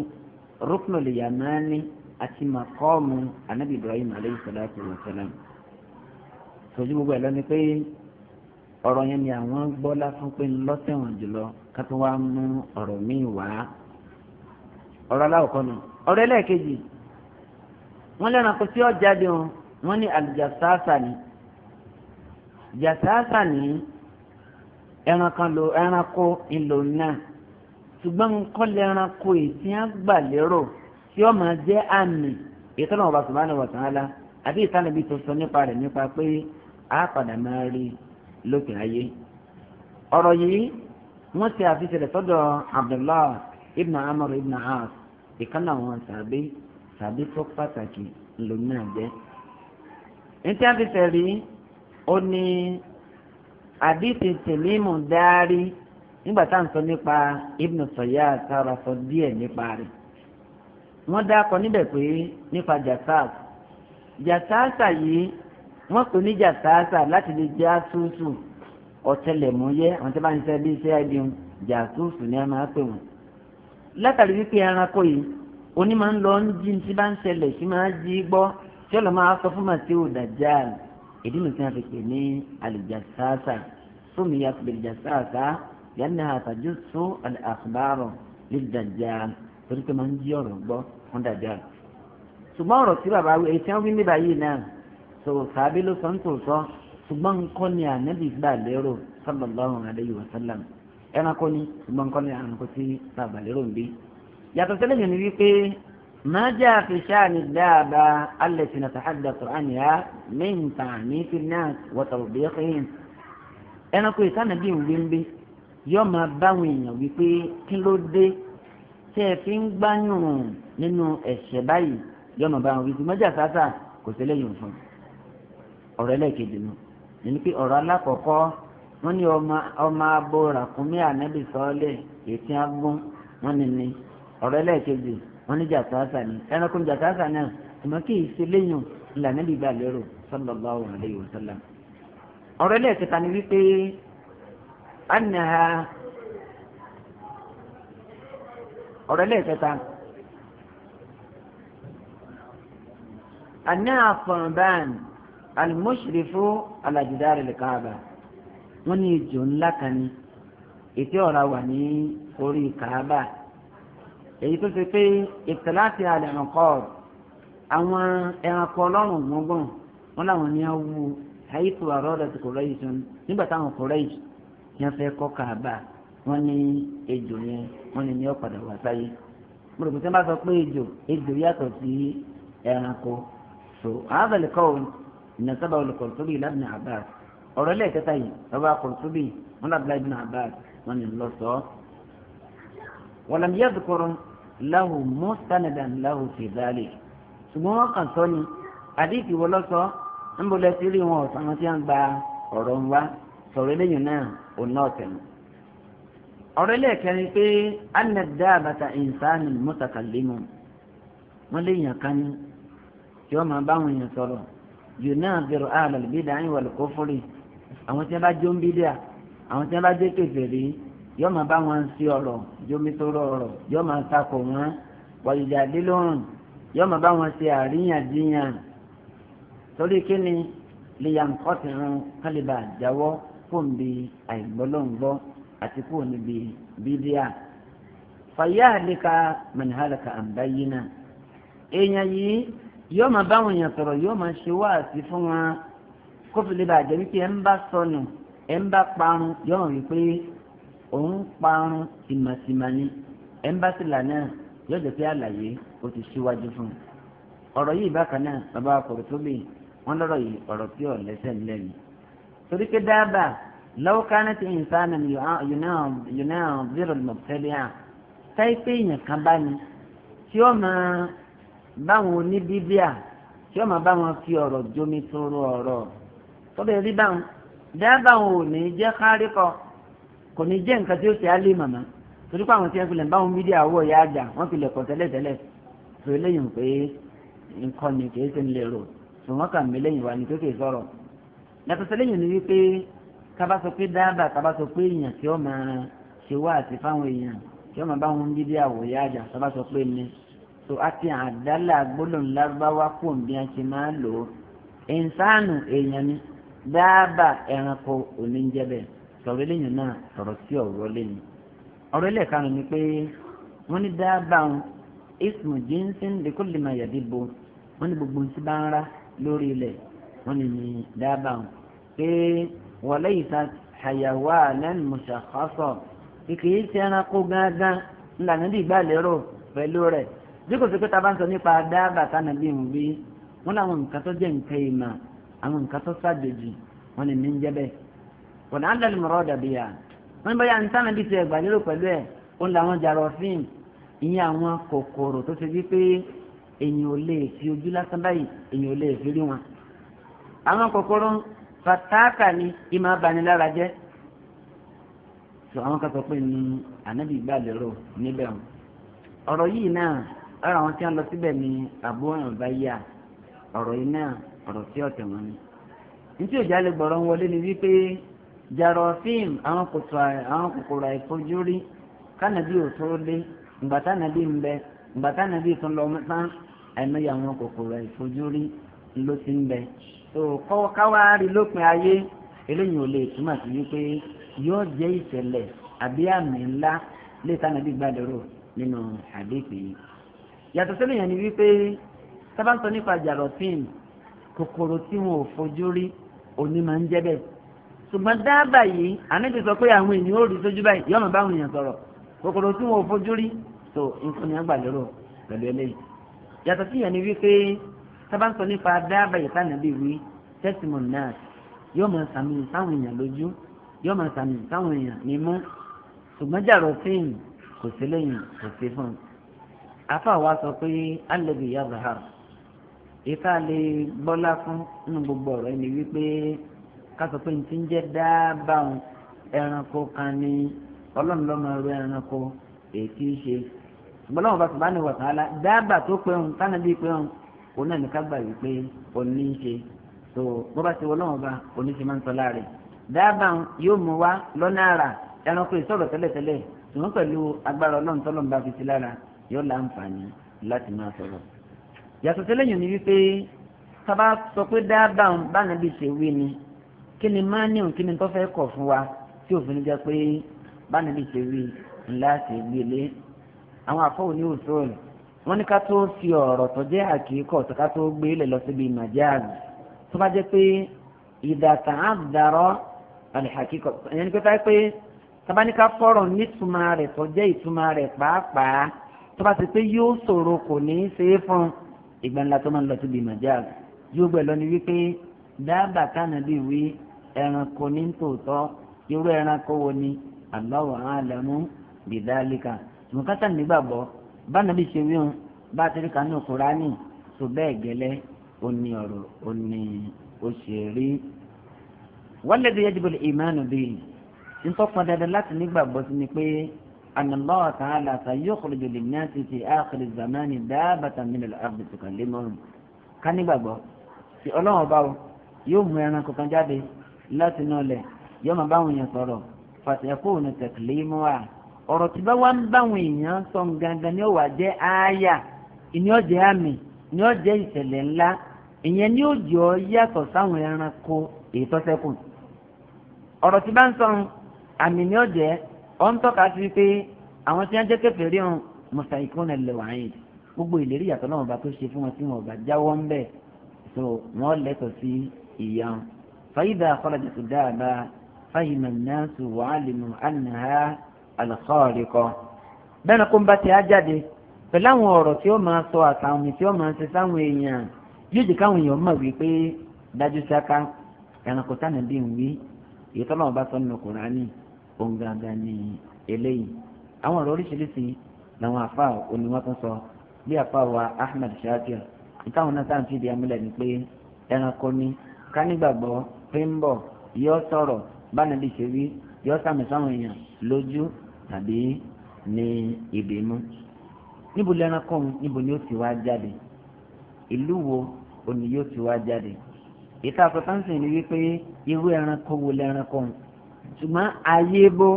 ruknul yamani àti maqamu anabi ibrahim aleyhi salatu wa salam sojú gbogbo ẹ̀ lọ ni pé ọ̀rọ̀ yẹn ni àwọn gbọ́ lásán pé ńlọ́tẹ̀wọ̀n jùlọ ká tó wá mú ọ̀rọ̀ míì wá ọ̀rọ̀ aláwọ̀kọ́ nù ọ̀rọ̀ ẹlẹ́ẹ̀kejì wọ́n lẹ́nu kò sí ọ̀jáde wọn wọ́n ní àlùjàsáàsà ni jàsáàsà ni ẹranko ẹranko ìlò náà ṣùgbọ́n kọ́lẹ̀ ẹranko ètí á gbà lérò tí ó jẹ́ àmì ìtọ́nà ọba subhanahu wa ta'ala àbí ìtànàbí tó sọ nípa rẹ̀ nípa pé a padà máa rí i lópin ayé ọ̀rọ̀ yìí wọ́n ti àfihàn sọ́dọ̀ abdullahi ibn amr ibn as ìkànnà àwọn sàbí sàbí tó pàtàkì lòun náà jẹ́ nítí àfihàn rí ó ní àdìsí tèmímù dáárí nígbà tá à ń sọ nípa ibn sọyá sára sọ díẹ̀ nípa rẹ̀ wọ́n dákọ̀ níbẹ̀ pé nípa jasas jasasa yìí wọ́n pè ní jàkáàsà láti lè jẹ́ àtúntò ọ̀tẹlẹ̀múyẹ́ àwọn tí wọ́n bá ń sẹ́ bí iṣẹ́ ibi jàkúùsù ni a máa pè wọ́n. látàrí wípé ẹranko yìí oní máa ń lọ ń jí tí bá ń ṣẹlẹ̀ sí máa jí gbọ́ tí ọ̀lọ́ máa sọ fún màtí ò dàjà ìdí nìkan fi pè ní àlìjàkáàsà sómi ya pè jàkáàsà yàrá àtàjù sún àkùbárọ̀ lè dàjà torí pé máa ń jí ọ̀rọ̀ gbọ́ fún dàjà. ṣùgbọ́n ọ̀rọ̀ tí bàbá so sàbí ló sọ ń tò sọ ṣùgbọ́n nǹkan ni ànábì gbà lérò sallallahu alayhi wa sallam ẹranko ni ṣùgbọ́n nǹkan ni ànábì tí bàbá lérò ń bí. yàtọ̀ sílẹ̀ yẹn ni wípé máa jẹ́ àfihàn ní dáadáa alẹ́ sí náà tàhádà kùránì á mẹ́ǹtà ní fínà wọ́tàrọ̀ bí ẹ̀kẹ́yìn. ẹranko ìsànàbí ìwé ń bí yọ máa báwọn èèyàn wípé kí ló dé ọ̀rọ̀ ẹlẹ́ẹ̀kejì nù nínú pé ọ̀rọ̀ alákọ̀ọ́kọ́ wọ́n ní ọmọ abo ràkúnmí ànábì sọ́ọ́lẹ̀ ètí agbọ́n wọ́n ní ní ọ̀rọ̀ ẹlẹ́ẹ̀kejì wọ́n ní jàtàásà ní ẹranko jàtàásà náà ìmọ̀ kí ìṣe léyìn ńlá ànábì gbà lérò sallallahu alayhi wa sallam. ọ̀rọ̀ ẹlẹ́ẹ̀kẹta ni wípé anaha ọ̀rọ̀ alimushirifu alajidari likaaba wọn ní ìjò ńlá kan ní ètò ọ̀ra wà ní orí kaaba èyí tó ṣe pé ìtàláṣí àlẹ́nukọ́ àwọn ẹranko ọlọ́run gbọ̀ngbọ̀n wọn làwọn ní awú àyíkú àrọ́dà ti Quraysh nígbà táwọn Quraysh yẹn fẹ́ kọ́ kaaba wọn ní ejò yẹn wọn ní ní ọ̀padà wà sáyé mo rò pé tí sọ pé ejò ejò yàtọ̀ sí ẹranko so àbẹ̀lẹ̀ kọ́ òun ìnàsábà olùkọ̀tùbì lábìnà abbas ọ̀rọ̀ lẹ́ẹ̀kẹta yìí bàbá kọ̀tùbì wọn lábìnà ibn abbas wọn ni lọ sọ. wàlámi yàtùkọrọ lahu mustanadan lahu fi dhalik ṣùgbọ́n wọn kàn sọ ni àdìsí wọ́n lọ sọ ń bọ̀ lẹ́sí rí wọn ọ̀sán wọn ti ń gba ọ̀rọ̀ ń wá sọ̀rọ̀ eléyìí náà ò náà tẹ̀lé. ọ̀rọ̀ lẹ́ẹ̀kẹrin pé anna dábàtà ìnsánì mutakallimun wọn léèyàn kan ní tí wọ́n máa báwọn èèyàn sọ̀rọ̀ yunadiru alal bid'ah wal kufri àwọn tí wọ́n bá jó ń bí díà àwọn tí wọ́n bá dé kèfèrí yóò máa bá wọn sí ọ̀rọ̀ jómitóró ọ̀rọ̀ yóò máa takò wọn wàyíjà dílóhùn yóò máa bá wọn ṣe àríyànjiyàn torí kíni lèyànkọ́tìrún kálíbà jáwọ́ fún bí àìgbọ́lọ́ngbọ́ àti kúrò níbi bídíà fàyà àdìka mẹnìhálàkà àbáyé náà èèyàn yìí yóò máa báwọn èèyàn sọ̀rọ̀ yóò máa ṣe wáàsí fún wọn kó fi lè bàjẹ́ wípé ẹ̀ ń bá sọnù ẹ̀ ń bá parun yóò hàn wípé òun parun tìmọ̀tìmọ̀ ni ẹ̀ ń bá sì lànà yóò jẹ́ pé àlàyé ó ti ṣíwájú fún un ọ̀rọ̀ yìí bákan náà bàbá akọ̀rọ̀ tó bè wọ́n lọ́rọ̀ yìí ọ̀rọ̀ tí ò lẹ́sẹ̀ ńlẹ̀ ni torí pé dábàá lọ́wọ́ kánà ti ìnsánà yóò náà bírò mọ̀tẹ́lẹ́à táìpé báwọn oníbíbíà tí wọ́n máa bá wọn fi ọ̀rọ̀ jomi toro ọ̀rọ̀ tọ́bẹ̀ rí báwọn dábàá wọn ò ní jẹ́ kárìkọ kò ní jẹ́ nǹkan tí ó ṣe á lé màmá torí pé àwọn tí wọ́n fi lè báwọn bídíà àwọ̀ ya àjà wọ́n fi lè kọ́ tẹ́lẹ̀tẹ́lẹ̀ tó eléyìí pé nǹkan ni kì í ṣe ń lè rò tó wọ́n kà mí lẹ́yìn wa ni tó kì í sọ̀rọ̀ yàtọ̀ ni wípé kaba sọ pé dábàá kaba sọ pé èèyàn tí ó máa ṣe wá àti fáwọn èèyàn tí ó máa báwọn bídíà àwọ̀ ya àjà kaba sọ pé ní so àti àdálà gbólóhùn lárúbáwá kò bí a ti máa lò ó ìnsáànù èèyàn ni dáàbà ẹranko oníjẹbẹ sọ̀rọ̀ eléyìn náà sọ̀rọ̀ sí ọ̀rọ̀ lẹ́yìn ọ̀rọ̀ eléyìn kanu ni pé wọ́n ní dáàbà ń ismu jinsin likulli ma yadibu wọ́n ní gbogbo tí bá ń rá lórí ilẹ̀ wọ́n ní ní dáàbà ń pé wọlé ìta hayawa lẹ́nu mùsàkọ́sọ̀ kìkì í ti ẹranko gángan ńlànà dìgbà lérò pẹ̀lú rẹ̀ bí kò sí pé tábà ń sọ nípa dáàbà sánà bí òun bí wọn làwọn nǹkan tó jẹ́ nǹkan ìmọ̀ àwọn nǹkan tó ṣàjòjì wọn ni mí ń jẹ́ bẹ́ẹ̀ wọn á lẹ́nu mọ̀rọ̀ dàbí ya wọn bá yà ń sánà bí ti ẹ̀gbà lérò pẹ̀lú ẹ̀ wọn làwọn jàrọ̀fín ìyẹn àwọn kòkòrò tó ṣe wípé èyàn ò lè fi ojú lásán báyìí èyàn ò lè fi rí wọn àwọn kòkòrò fatáàkà ni ìmọ̀ abanilára jẹ́ sọ àwọn kan sọ pé ní ànábì gbà lérò níbẹ̀ ọ̀rọ̀ yìí náà ara àwọn tí wọ́n lọ síbẹ̀ ni àbúrò ọ̀bá yá ọ̀rọ̀ yìí náà ọ̀rọ̀ tí ọ̀tẹ̀ wọn ni. nítí òjá lè gbọ̀rọ̀ ń wọlé ni wípé jàrọ̀ fíìmù àwọn kòkòrò àìfojúrí kánàbí ò tó lé ngbàtánàbí ń bẹ ngbàtánàbí tó lọ tán àìmọye àwọn kòkòrò àìfojúrí ló ti ń bẹ. tó kọ́wọ́ káwá rí lópin ayé eléyìí ò lè túmọ̀ sí wípé yóò jẹ́ ìṣẹ̀lẹ̀ àbí àmì ńlá yàtọ̀ sẹ́lẹ̀ yẹn ni wípé sábà ń sọ nípa jàrọ̀tìn kòkòrò tí wọn ò fojú rí òní máa ń jẹ́ bẹ́ẹ̀ ṣùgbọ́n dábàá yìí ànábì sọ pé àwọn èèyàn ò rí sójú báyìí yọ̀ọ́ máa bá àwọn èèyàn sọ̀rọ̀ kòkòrò tí wọn ò fojú rí tó nǹkan ni wọ́n gbà lérò pẹ̀lú eléyìí yàtọ̀ sí yẹn ni wípé sábà ń sọ nípa dábàá yìí tánàbí wí testimony náà yóò sàmì sáwọn èèyàn lójú yóò sàmì sáwọn èèyàn nímú afa wa sọ pé alẹ́bí ya zahar ìta lè gbọ́lá fún nínú gbogbo ọ̀rọ̀ ẹni wípé ká sọ pé ntí ń jẹ́ dábàá ẹranko kan ní ọlọ́run lọ́mọ ẹrú ẹranko èkì í ṣe ṣùgbọ́n lọ́wọ́ bá sọ bá ní wọ̀tá ala dábàá tó pé òun tánà bíi òun òun náà ní ká gbà wípé òun ní í ṣe tó bó bá ti wọ lọ́wọ́ bá oníṣe máa ń sọ láàrin dábàá yóò mú wa lọ́nà àrà ẹranko ìsọ̀rọ̀ tẹ́lẹ̀tẹ́lẹ̀ ṣùgbọ́n pẹ̀lú agbára ọlọ́run tọ́lọ́run bá fi yóò láǹfààní láti máa sọ̀rọ̀. yàtọ̀ tẹ́lẹ̀ yìí ni wípé sábà sọ pé dábàá báńgá bíi ṣe wí ni kí ni máa ní òun kí ni tó fẹ́ kọ̀ fún wa tí òfin jẹ́ pé báńgá bíi ṣe wí ńlá ṣe gbélé. àwọn àfọwò ní òṣòrò wọn ní ká tó fi ọ̀rọ̀ tó jẹ́ àkíkọ̀ tó ká tó gbé lẹ̀ lọ síbi màjáàmì tó bá jẹ́ pé ìdàtà á dàrọ́ àlìhàkíkọ̀ ẹ̀yẹ́n ni pé táyé pé tabaníkà fọ̀rọ̀ nítumọ̀ rẹ̀ tó jẹ́ ìtumọ̀ rẹ̀ pàápàá tó bá ti pé yóò ṣòro kò ní í ṣe é fún ìgbà ńlá tó máa ń lọ síbi majaz yóò gbẹ lọ ni wípé dábàá kánàbí wí ẹranko ní tòótọ́ irú ẹranko wo ni Allahu alamu bidhalika mùkátà nígbàgbọ́ bánàbí ṣe wíhun bá a ti rí kanú Kùránì tó bẹ́ẹ̀ gẹ́lẹ́ òní ọ̀rọ̀ òní òṣèré wọ́n lè dé yajibu al-imanu bíi ntọ́pọ̀ dandan láti nígbàgbọ́ sí ni pé. أن الله تعالى سيخرج للناس في آخر الزمان دابة من الأرض تكلمهم ká nígbàgbọ́ tí ọlọ́run bá wọ yóò mú ẹranko kan jáde láti inú ọlẹ̀ yóò máa báwọn èèyàn sọ̀rọ̀ fàtẹ́kù ní tẹ̀kìlímù wa ọ̀rọ̀ tí bá wà ń báwọn èèyàn sọ gangan ni ó wà jẹ́ àáyà ni ó jẹ́ àmì ni ó jẹ́ ìṣẹ̀lẹ̀ ńlá ìyẹn ni ó jọ yàtọ̀ sáwọn ẹranko èyí tó ṣẹ́kù ọ̀rọ̀ tí bá ń sọ àmì ni ó jẹ́ ọ̀n tọ́ka sí pé àwọn tí wọ́n jẹ́ kèfèrí hàn mùsàlùkún ẹ̀lẹ́ wàáyìn gbogbo ìlérí yàtọ̀ náà bá tó ṣe fún wọn tí wọn bá jáwọ́ ń bẹ̀ so wọ́n lẹ́tọ̀ sí ìyá wọn. fàyídà kọ́lájàtò dáadáa fàyínà náà sùn wàá lè mú ànàhà àlùkọ́ọ̀rì kọ. bẹ́ẹ̀ ni kó ń bá ti á pẹ̀lú àwọn ọ̀rọ̀ tí ó máa sọ àtàwọn tí ó máa òǹgàgà ni eléyìí àwọn ọ̀rọ̀ oríṣiríṣi làwọn àfa òní sọ bí àfa wa Ahmed Shakir ìtàwọn náà sáà ń fìdí amúlẹ̀ ni pé ẹranko ni ká nígbàgbọ́ pé ń bọ̀ yọ sọ̀rọ̀ bánàbí ṣe wí yọ sàmì sáwọn èèyàn lójú tàbí ní ìbímú níbo lẹ́ranko níbo ni ó ti wá jáde ìlú wo òní yóò ti wá jáde ìta àkọ́tà ń wípé irú ẹranko wo lẹ́ranko ṣùgbọ́n ayé bó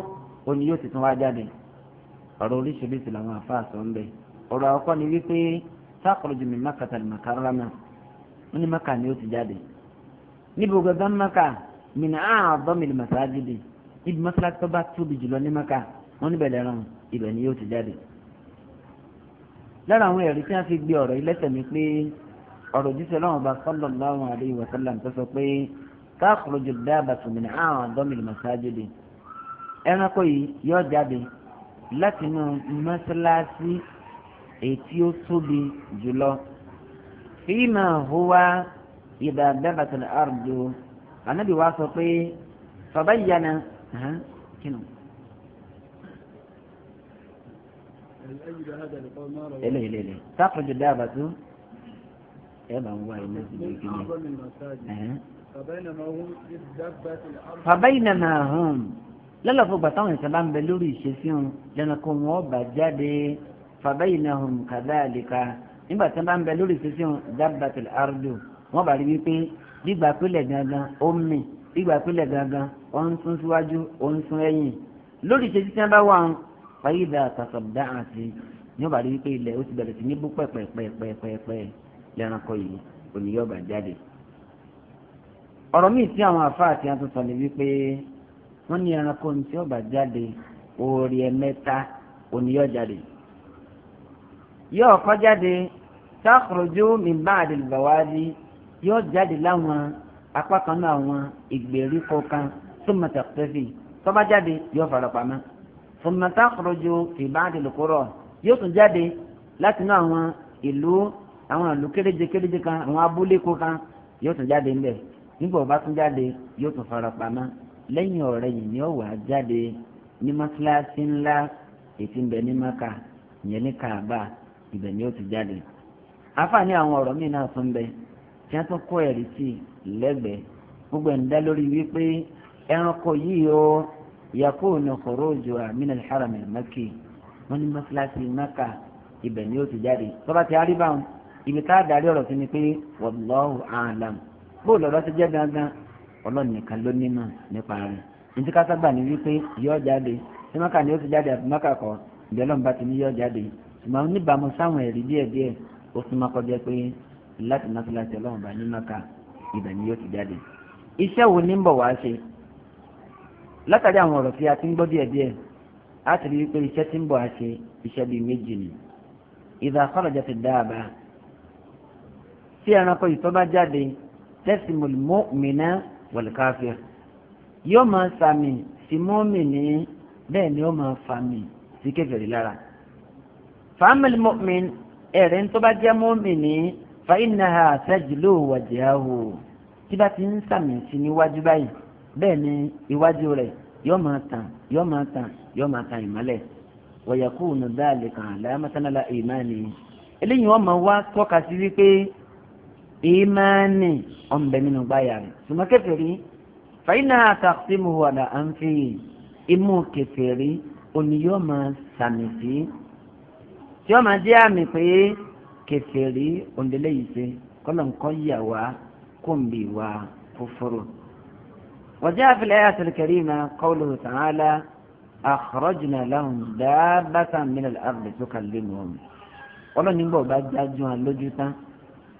oní yóò ti tún wá jáde ọ̀rọ̀ oríṣiríṣi làwọn àfa àsọ ń bẹ ọ̀rọ̀ àkọ́kọ́ ni wípé sáàkùrọ̀jù mi máka tàbí màkà rárá náà ní máka ni ó ti jáde níbi ògbẹ́gbẹ́ máka mìnà àádọ́ mi lè màsá gidi níbi mọ́sálásí tó bá tóbi jùlọ ní máka wọ́n níbẹ̀ lẹ́ràn ibẹ̀ ni yóò ti jáde lára àwọn ẹ̀rí tí wọ́n fi gbé ọ̀rọ̀ ilẹ̀sẹ̀ mi pé ọ̀rọ̀ jíṣẹ́ lọ́wọ́ bá sallallahu alaihi wa sallam tó sọ táàkùrọ̀jù dábàá tòmìnà àwọn àdọ́mìlì màsáájúdì ẹranko yìí yọ jáde láti inú mọ́sálásí èyí tí ó tóbi jùlọ fíìmà huwa ìdá dábàá tòmìnà àrùjọ ànábì wa sọ pé bàbá ìyànà kínú. eléyìí eléyìí táàkùrọ̀jù dábàá tó ẹ bá ń wá ilé ìdíje kínú fàbáyìnàmà hàn lọ́lọ́fọ̀gbà táwọn ìsàn bá ń bẹ lórí ìṣesí wọn lẹ́nu kó wọn ọba jáde fàbáyìnàmà kàdá àlìkà nígbà tí wọn bá ń bẹ lórí ìṣesí wọn dábàtìlì àrùdù wọn bá rí wípé gbígbà pélé gangan ó mì gbígbà pélé gangan ó ń sún síwájú ó ń sún ẹ̀yìn lórí ìṣesí tí wọn bá wà ń fàyídà àtàkọ̀dá àti ní wọn bá rí wípé ilẹ̀ ó ti bẹ̀rẹ̀ sí ní bú pẹ̀pẹ̀pẹ̀pẹ̀pẹ̀ lẹ́nu kọ yìí òní yóò bá jáde ọ̀rọ̀ míì tí àwọn àfa àti àtúntò sọ ni wípé wọ́n ní ẹranko tí ó bá jáde orí ẹ̀mẹ́ta oníyọ̀ jáde yóò kọ́ jáde táàkùrọ̀jú mi bá àdìlùbáwárí yóò jáde láwọn apá kan náà àwọn ìgbèríko kan tó mọ̀tà pẹ́fì tó jáde yóò fara pamọ́ fòmùnà táàkùrọ̀jú fi bá àdìlùkúrọ̀ yóò tún jáde láti náà àwọn ìlú àwọn ìlú kéréje kéréje kan àwọn abúlé kó kan yóò tún jáde ńbẹ̀ nígbà ó bá tún jáde yóò tún fara pamọ́ lẹ́yìn ọ̀rẹ́ yìí ni ó wà á jáde ní mọ́sálásí ńlá ètí ń bẹ ní maka ìyẹn ní kaaba ibẹ̀ ni ó ti jáde àfààní àwọn ọ̀rọ̀ míì náà tún bẹ tí wọ́n tún kó ẹ̀rí sí lẹ́gbẹ̀ẹ́ gbogbo ẹ̀ ń dá lórí wípé ẹranko yìí ó yàkó ní kòrójò àmínà ìhàràmì mẹ́kì wọ́n ní mọ́sálásí mẹ́kà ibẹ̀ ni ó ti jáde tọ́ba ti arí báwọn ibi tá a darí ọ̀rọ̀ sí ni pé wallahu bó lọ́rọ́ ti jẹ́ gangan ọlọ́run nìkan ló nímọ̀ nípa rẹ̀ ní ti káságbà ní wípé yọ jáde tí ni ó ti jáde àti mọ́kà kọ́ ìbẹ́ lọ́nba ti ní yọ jáde ṣùgbọ́n níbàámu sáwọn ẹ̀rí díẹ̀ díẹ̀ ó tún máa kọjá pé láti náà fúlá ti ní mọ́kà ibẹ̀ ni yóò ti jáde. iṣẹ́ wo ní ń bọ̀ wá ṣe látàrí àwọn ọ̀rọ̀ tí a ti ń gbọ́ díẹ̀ díẹ̀ á ti rí pé iṣẹ́ ti ń bọ̀ wá ṣe iṣẹ́ bíi méjì ni ìdá kọ́lọ̀jà ti dáàbà tí ẹranko ìtọ́ bá jáde tẹ́símọ̀lì mọ́mìnà wọ̀lùkáfíà yóò máa sàmì sí mọ́mìnì bẹ́ẹ̀ ni ó máa fàmì sí kèfèrí lára. fàmìlì mọ́mìn ẹ̀rẹ́ ń tó bá jẹ́ mọ́mìnì fàyínàhà sẹ́jìló wàjẹ́hù tí bá ti ń sàmì sí níwájú báyìí bẹ́ẹ̀ ni iwájú rẹ̀ yóò máa tàn yóò máa tàn yóò máa tàn ìmọ́lẹ̀ wọ̀yẹ̀kú nù dáàlì kan àlàyé mọ́sánálà ìmáà ni eléyìí wọ́n máa wá tọ́ka sí wípé ìmánì ọ̀nbẹ nínú gbáyà rẹ̀ ṣùgbọ́n kẹfẹ́rí fàyínà àtàkùsímù wàdà à ń fi imú kẹfẹ́rí òní yóò máa sàmì sí tí ó máa jẹ́ àmì pé kẹfẹ́rí òǹdẹ́lẹ́ yìí ṣe kọ́lọ̀ nǹkan yà wá kóńbì wá fúfúrú. wàjẹ́ àfilẹ̀ ayatul karima qawluhu ta'ala akhrajna lahum dabbatan min al-ardi tukallimuhum ọlọ́nìgbọ̀ bá jájú àlójú tán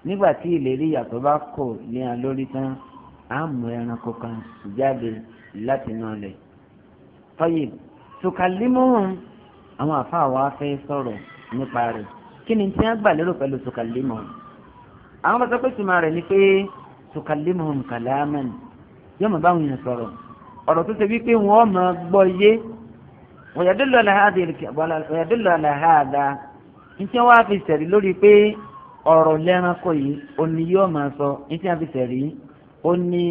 nígbà tí ìlérí ìyàtọ̀ bá kò lé hàn lórí tán á mú ẹranko kan jáde láti inú ọlẹ̀. tọ́yì sùkàlímùhùn àwọn àfáà wa fẹ́ sọ̀rọ̀ nípa rẹ̀ kí ni tí wọ́n gbà lérò pẹ̀lú sùkàlímùhùn. àwọn bá sọ pé tùmọ̀ rẹ̀ ni pé sùkàlímùhùn kàlámẹ́n yóò mọ̀ báwọn yẹn sọ̀rọ̀ ọ̀rọ̀ tó ṣe wípé wọ́n máa gbọ́ yé wọ̀yàdúlọ̀ làhádà ntí wọ́n á fi sẹ̀rí lórí pé ọ̀rọ̀ lẹ́ranko yìí òní yóò máa sọ ní tí a fi tẹ̀rí ó ní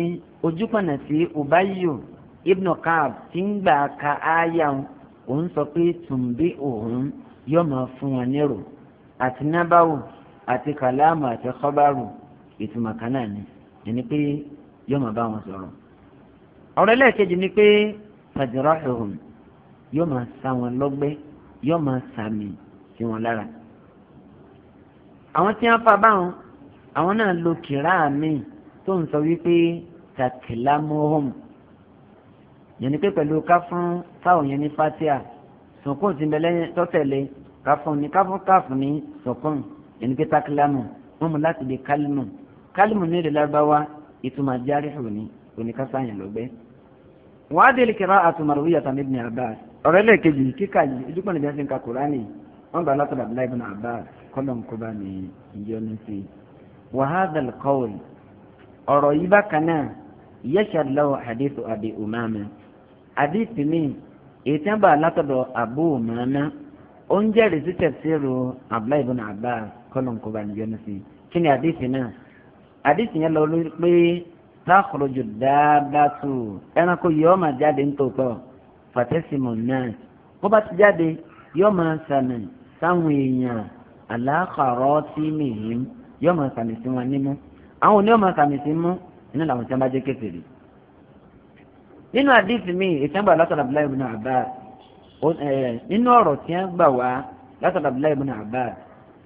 ojúpọ̀nà tí ubayu ibn kaab ti ń gbà ka aya òun sọ pé tùǹbí òun yóò máa fún wọn nírò àti nábàwò àti kàlámù àti kọ́bárù ìtumọ̀ kan náà ni ẹni pé yóò máa bá wọn sọ̀rọ̀ ọ̀rọ̀ ẹlẹ́ẹ̀kejì ni pé fàjọrọ̀ ẹ̀hùn yóò máa sa wọn lọ́gbẹ́ yóò máa sàmì sí wọn lára àwọn tí wọ́n fa báwọn àwọn náà lo kìrá mi tó ń sọ wípé tàkìlámọ́hóm yẹn ni pé pẹ̀lú ká fún fáwọn yẹn ní fatia sọ̀kún ti bẹ̀lẹ́ tọ́tẹ̀lé ká fún ni ká fún káàfù ní sọ̀kún yẹn ni pé tàkìlámù wọ́n mú láti di kálímù kálímù ní èdè lárúbáwá ìtumọ̀ járìhù ni oníkásáyìn ló gbé. wàá délé kìrá àtùmọ̀rù wíyà tàbí ibn Abbas ọ̀rẹ́lẹ̀ kejì kíkà yìí ojúkọ̀ níbi ẹ̀sìn kakùránì wọ́n gbà látọ̀ Abdullahi ibn Abbas kọ́lọ̀ ń kó bá mi yọnu sí i. wàhálà kọ́ọ̀l ọ̀rọ̀ yìí bákan náà yẹ́sàlọ́wọ́ hadith àbí umama hadith mi ìtẹ́bà látọ̀dọ̀ àbú umama ó ń jẹ́rìí sí tẹ̀síìrù abdullahi ibn abbas kọ́lọ̀ ń kó bá mi yọnu sí i. kí ni hadith náà hadith yẹn lọ lórí pé táàkùrọ̀jù dáadáa tù ẹranko sáwọn èèyàn aláàkàrọ̀ tí mìíràn yóò máa sàmì sí wọn nímú àwọn òní yóò máa sàmì sí mú iná làwọn tí wọn bá jẹ kékeré nínú àdìsí mi ìtẹ́gbà látọ̀dọ̀ Abdullahi ibn Abbas nínú ọ̀rọ̀ tí wọ́n gbà wá látọ̀dọ̀ Abdullahi ibn Abbas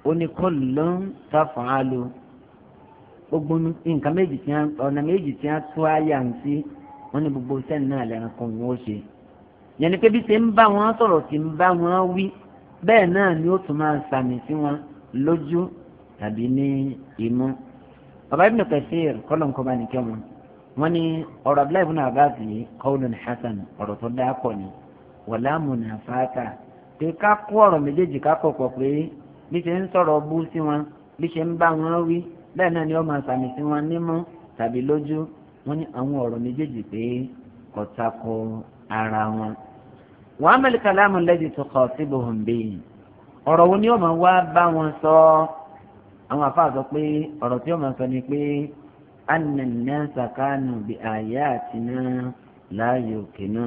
ó ní kó ló ń taf'alu gbogbo nǹkan méjì tí wọ́n ọ̀nà méjì tí wọ́n tó àyà ń sí wọ́n ní gbogbo sẹ́ni náà lẹ́nu kan wọ́n ṣe yẹn pé bí ṣe ń bá wọn sọ̀rọ̀ sí ń bá wọn wí bẹ́ẹ̀ náà ni ó tún máa sàmì sí wọn lójú tàbí ní imú bàbá ibn Kathir kọ́lọ̀nkọ́ba nìkẹ́ wọn wọn ni ọ̀rọ̀ abúlé ibùnà abáàbí qawlun hasan ọ̀rọ̀ tó dáa pọ̀ ni wala munafata pé ká kó ọ̀rọ̀ méjèèjì ká kọ̀ pọ̀ pé bí ṣe ń sọ̀rọ̀ bú sí wọn bí ṣe ń bá wọn wí bẹ́ẹ̀ náà ni ó máa sàmì sí wọn nímú tàbí lójú wọn ni àwọn ọ̀rọ̀ méjèèjì pé kò ara wọn wọ́n á mẹ́lẹ̀ kàlámù lẹ́dí tó kọ́ sí bohùn bẹ́ẹ̀ ọ̀rọ̀ wo ni ó máa wá bá wọn sọ àwọn àfáà sọ pé ọ̀rọ̀ tí ó máa sọ ni pé ananasa kanu bi àyà àtinà láàyò kìnnà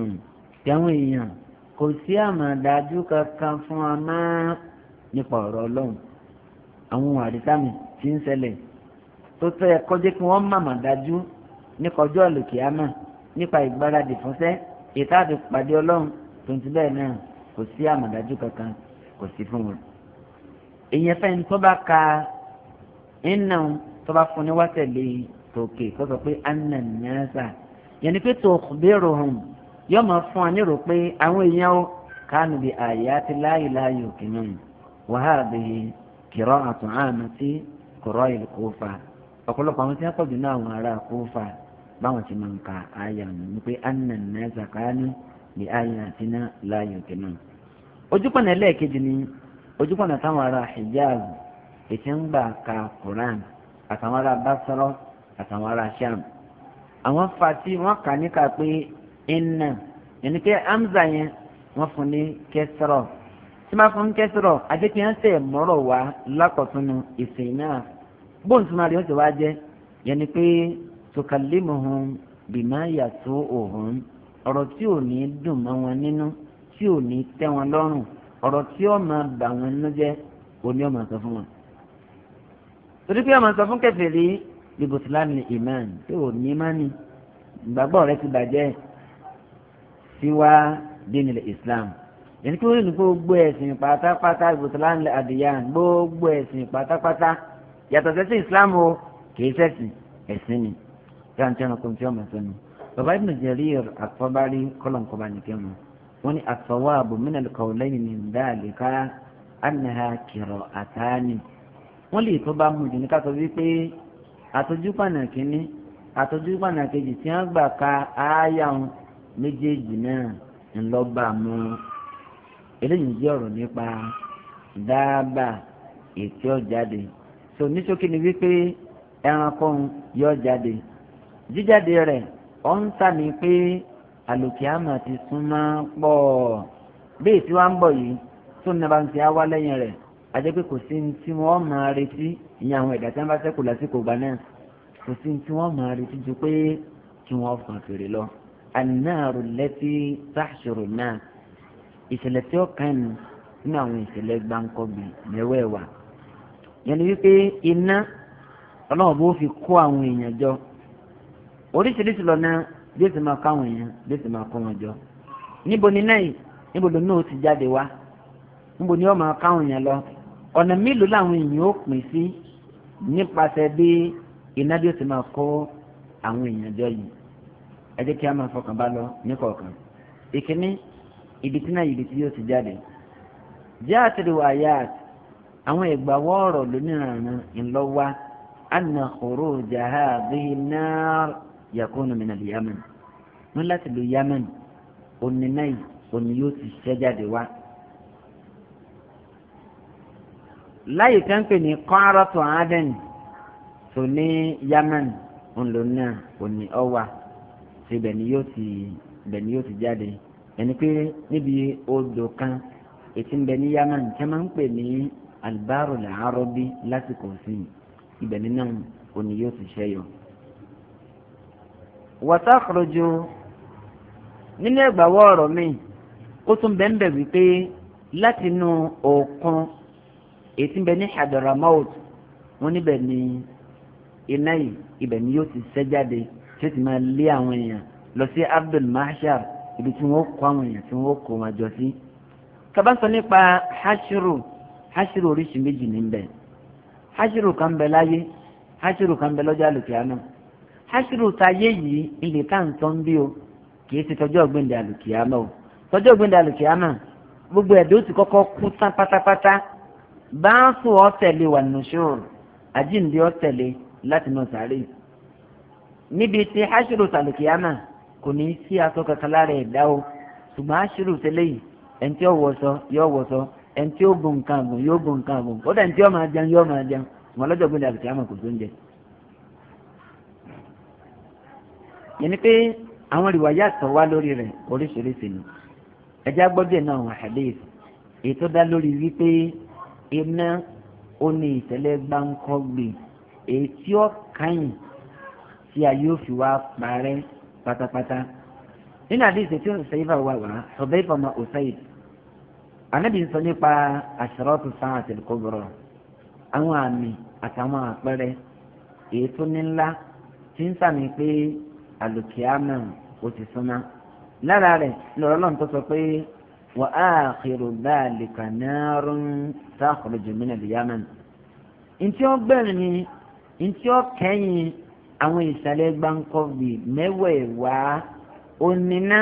tẹ́wọ̀n èèyàn kò sí àmàdájú kankan fún wa máa nípa ọ̀rọ̀ ọlọ́run àwọn àdìsámi ti ń ṣẹlẹ̀ tó tọ́ ẹ kọjá kí wọ́n màmá dájú nípa ọjọ́ àlòkè àmà nípa ìgbáradì fúnṣẹ́ ìta pàdé ọlọ́run tonti bẹ́ẹ̀ náà kò sí àmọ̀dájú kankan kò sí fún wọn. ìyẹn fẹ́ ní tó bá ka iná tó bá fún ní wá tẹ̀lé tòkè kó sọ pé anna nasa yẹn ni pé tó bẹ̀rù hàn yóò máa fún wa nírò pé àwọn èèyàn ó kánú bí àyà ti láàyè láàyè òkè náà wàhálà bìí kìrọ̀ àtúnhàmà sí kọ̀rọ̀ ìlú kófà ọ̀pọ̀lọpọ̀ àwọn tí wọ́n pọ̀ jù náà àwọn ará kófà báwọn ti máa ń ka àyà wọn ni pé anna nasa kánú. bí ayatina la yuqinun. ojúpọ̀nà ẹlẹ́ẹ̀kejì ni ojúpọ̀nà táwọn ará hijab ètí ń gbà ka quran àtàwọn ará basra àtàwọn ará sham àwọn fati wọn kà níka pé inna yẹn ni pé amza yẹn wọn fún ní tí máa fún kẹsìrọ àdékùn yẹn sẹ mọ́rọ̀ wá lákọ̀túnú ìsìn náà bóńtúmọ̀ rẹ̀ ó ti wá jẹ́ yẹn ni pé ọ̀rọ̀ tí ò ní dùn mọ́ wọn nínú tí ò ní tẹ́ wọn lọ́rùn ọ̀rọ̀ tí ó máa bà wọn nínú jẹ́ òní ọmọ sọ fún wọn. torí pé ọmọ sọ fún kèfèrí ibùsùlámì imán tí ò ní mánì ìgbàgbọ́ rẹ ti bàjẹ́ síwá dínìlẹ̀ islam yẹn kí wọ́n ní gbogbo ẹ̀sìn pátápátá ibùsùlámì àdìyàn gbogbo ẹ̀sìn pátápátá yàtọ̀ sẹ́sìn islam o kì í sẹ́sìn ẹ̀sìn ni tí wọ́n ti ń kó tí wọ́n máa sọ nù bàbá ibn Jarir àtọ́bárí kọ́lọ̀nkọ́bá nìkẹ́ mu wọ́n ní as-sawabu min al-qawlayni min dhalika annaha qira'atani wọ́n lè tó bá mú jù ní ká sọ wípé àtọ́jú pànà kínní àtọ́jú pànà kejì tí wọ́n gbà ka ááyà wọn méjèèjì náà ńlọ́ba mú eléyìí jẹ́ ọ̀rọ̀ nípa dábàá ètí ọ̀jáde so ní ṣókí ni wípé ẹranko yọ jáde jíjáde rẹ̀ ọ ń sàmì pé àlùkìyàmà ti súnmọ́ pọ̀ bẹ́ẹ̀ tí wọ́n ń bọ̀ yìí tó nàbà ń ti á wá lẹ́yìn rẹ̀ àjẹ́ pé kò sí ní tí wọ́n máa retí ìyẹn àwọn ẹ̀dá tí wọ́n bá ṣẹ́kù lásìkò ìgbà náà kò sí ní tí wọ́n máa retí ju pé kí wọ́n fọn fèrè lọ. ànínáàrò lẹ́tí sáṣòro náà ìṣẹ̀lẹ̀ tí ó kàn nínú àwọn ìṣẹ̀lẹ̀ gbáǹkọ́gbìn mẹ́wẹ́ẹ̀wà yẹn ni wípé iná ọlọ́run bó fi kó àwọn èèyàn jọ oríṣiríṣi lọ́nà bí ó ti máa káwọn èèyàn bí ó ti máa kó wọn jọ níbo ni níbo ló náà ti jáde wá níbo ni ó máa káwọn èèyàn lọ ọ̀nà mélòó làwọn èèyàn ó pín sí nípasẹ̀ bí iná bí ó ti máa kó àwọn èèyàn jọ yìí ẹ jẹ́ lọ níkọ̀ọ̀kan ìkíní ibi tí náà ibi tí yóò ti jáde jẹ́ àwọn lónìí ràn yakunu min al-Yaman wọn láti lu Yaman òní náà òní yóò ti ṣẹ́ jáde wá. láyé tẹ́ńpẹ̀ ní kọ́ńrọ́tò Aden tó ní Yaman ńlò náà òní ọ̀wà ṣe bẹ̀ ni yóò ti bẹ̀ ni yóò ti jáde ẹni pé níbi odò kan ètí ń bẹ ní Yaman tí wọ́n máa ń pè ní albaru làárọ̀ bí lásìkò sí ibẹ̀ nínú òní yóò ti ṣẹ́yọ̀ wàtàkùrọ̀jù nínú ẹ̀gbàwọ́ ọ̀rọ̀ mi ó tún bẹ́ẹ̀ bẹ́ẹ̀ wípé láti inú òkun ètí ń bẹ ní Hadramaut wọn níbẹ̀ ni iná yìí ibẹ̀ ni yóò ti sẹ́ jáde tí ó ti máa lé àwọn èèyàn lọ sí Abdul Mahshar ibi tí wọ́n kó àwọn èèyàn tí wọ́n kó wọn jọ sí. kaba sọ nípa hashiru hashiru oríṣi méjì níbẹ̀ hashiru kan bẹ láyé hashiru kan bẹ lọ́jọ́ àlùkìyà náà hasiru tayé yìí ilé tá à ń tán bí o kì í ti tọjọ́ ọ̀gbìndà àlùkìyámà o tọjọ́ ọ̀gbìndà àlùkìyámà gbogbo ẹ̀dọ́ ti kọ́kọ́ kú tán pátápátá báńsù ọ̀tẹ̀lẹ̀ wà nùṣúrù àjíǹde ọ̀tẹ̀lẹ̀ láti nù sàárè níbi tí hasiru tàlùkìyámà kò ní í sí aṣọ kankan lára ẹ̀dá o ṣùgbọ́n aṣírù tẹ́lẹ̀ yìí ẹni tí ó wọṣọ yóò ẹni tí ó gun nǹkan àgùn yóò gun nǹkan àgùn kódà ẹni tí ó máa jẹun yóò máa jẹun ṣùgbọ́n lọ́jọ́ gbọ́dọ̀ àbùkù àmọ̀ kò tó ń jẹ. yẹn ni pé àwọn ìwàyà sọ wá lórí rẹ̀ oríṣiríṣi ni ẹjẹ agbọ́dọ̀ náà wọn hadith èyí tó dá lórí wípé iná ó ní ìtẹ́lẹ̀ gbáǹkọ́gbè èyí tí ó kàn tí a yóò fi wá parẹ́ pátápátá nínú hadith tí Hudhayfa wà wá Hudhayfa ọmọ Usayd Ànábì ń sọ nípa àwọn àmì àtàwọn èyí tó ní ńlá tí ń sàmì alùkìámà ó ti súnmọ́ lára rẹ̀ lọ́rọ̀ náà tó sọ pé wà á kiri báàlì kanárùn táàkùrù jùmínà lìyámà ntí ó gbẹ̀rù ni ntí ó kẹ́yìn àwọn ìsàlẹ̀ gbáǹkọ́bì mẹ́wẹ̀ẹ̀wá oníná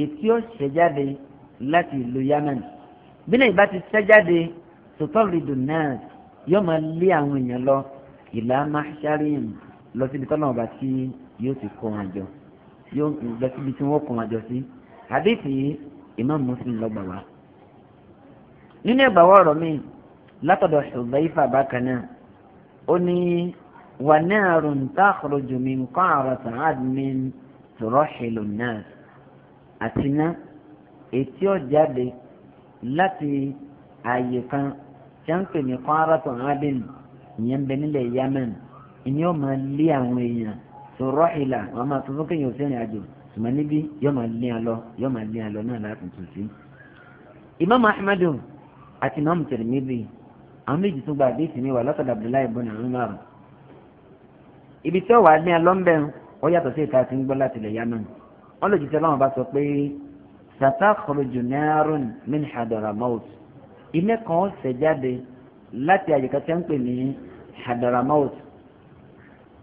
ètí ó ṣẹ̀jáde láti ìlú Yemen bí náà ìbá ti ṣẹ́jáde tòtọ́rìdù náà yóò máa lé àwọn èèyàn lọ ìlà máṣárìn lọ síbi tọ́lọ́mọba tí yóò ti kó wọn jọ yóò lọ síbi tí wọ́n kó wọn jọ sí hadithi yìí imam muslim ló gbà wá. nínú ìbáwọ̀ ọ̀rọ̀ mi látọ̀dọ̀ Hudhayfa bákan náà ó ní wà narun takhruju min qa'rati 'adnin turahhilu an-nas àtiná ètí ọ̀jáde láti ààyè kan tí a ń pè ní qa'rati ìyẹn bẹ nílẹ̀ Yemen ìní ó lé àwọn èèyàn sọ̀rọ̀ ìlà wọn máa tún fún kéèyàn sẹ́rìn àjò ṣùgbọ́n níbí yóò máa lé alọ yóò máa lé alọ náà láti tù sí. imam ahmadu àti imam tirmidhi àwọn méjì tún gba àdéhùn mi wà lọ́sọ̀dọ̀ abdullahi ibn umar ibi tí ó wà ní alọ́ńbẹ́ ó yàtọ̀ sí ìta tí ń gbọ́ láti ilẹ̀ yánu wọn lè jìtẹ́ láwọn bá sọ pé satakhruju narun min hadramaut iná kan ó ṣẹ̀ jáde láti àyíká tí ń pè ní hadramaut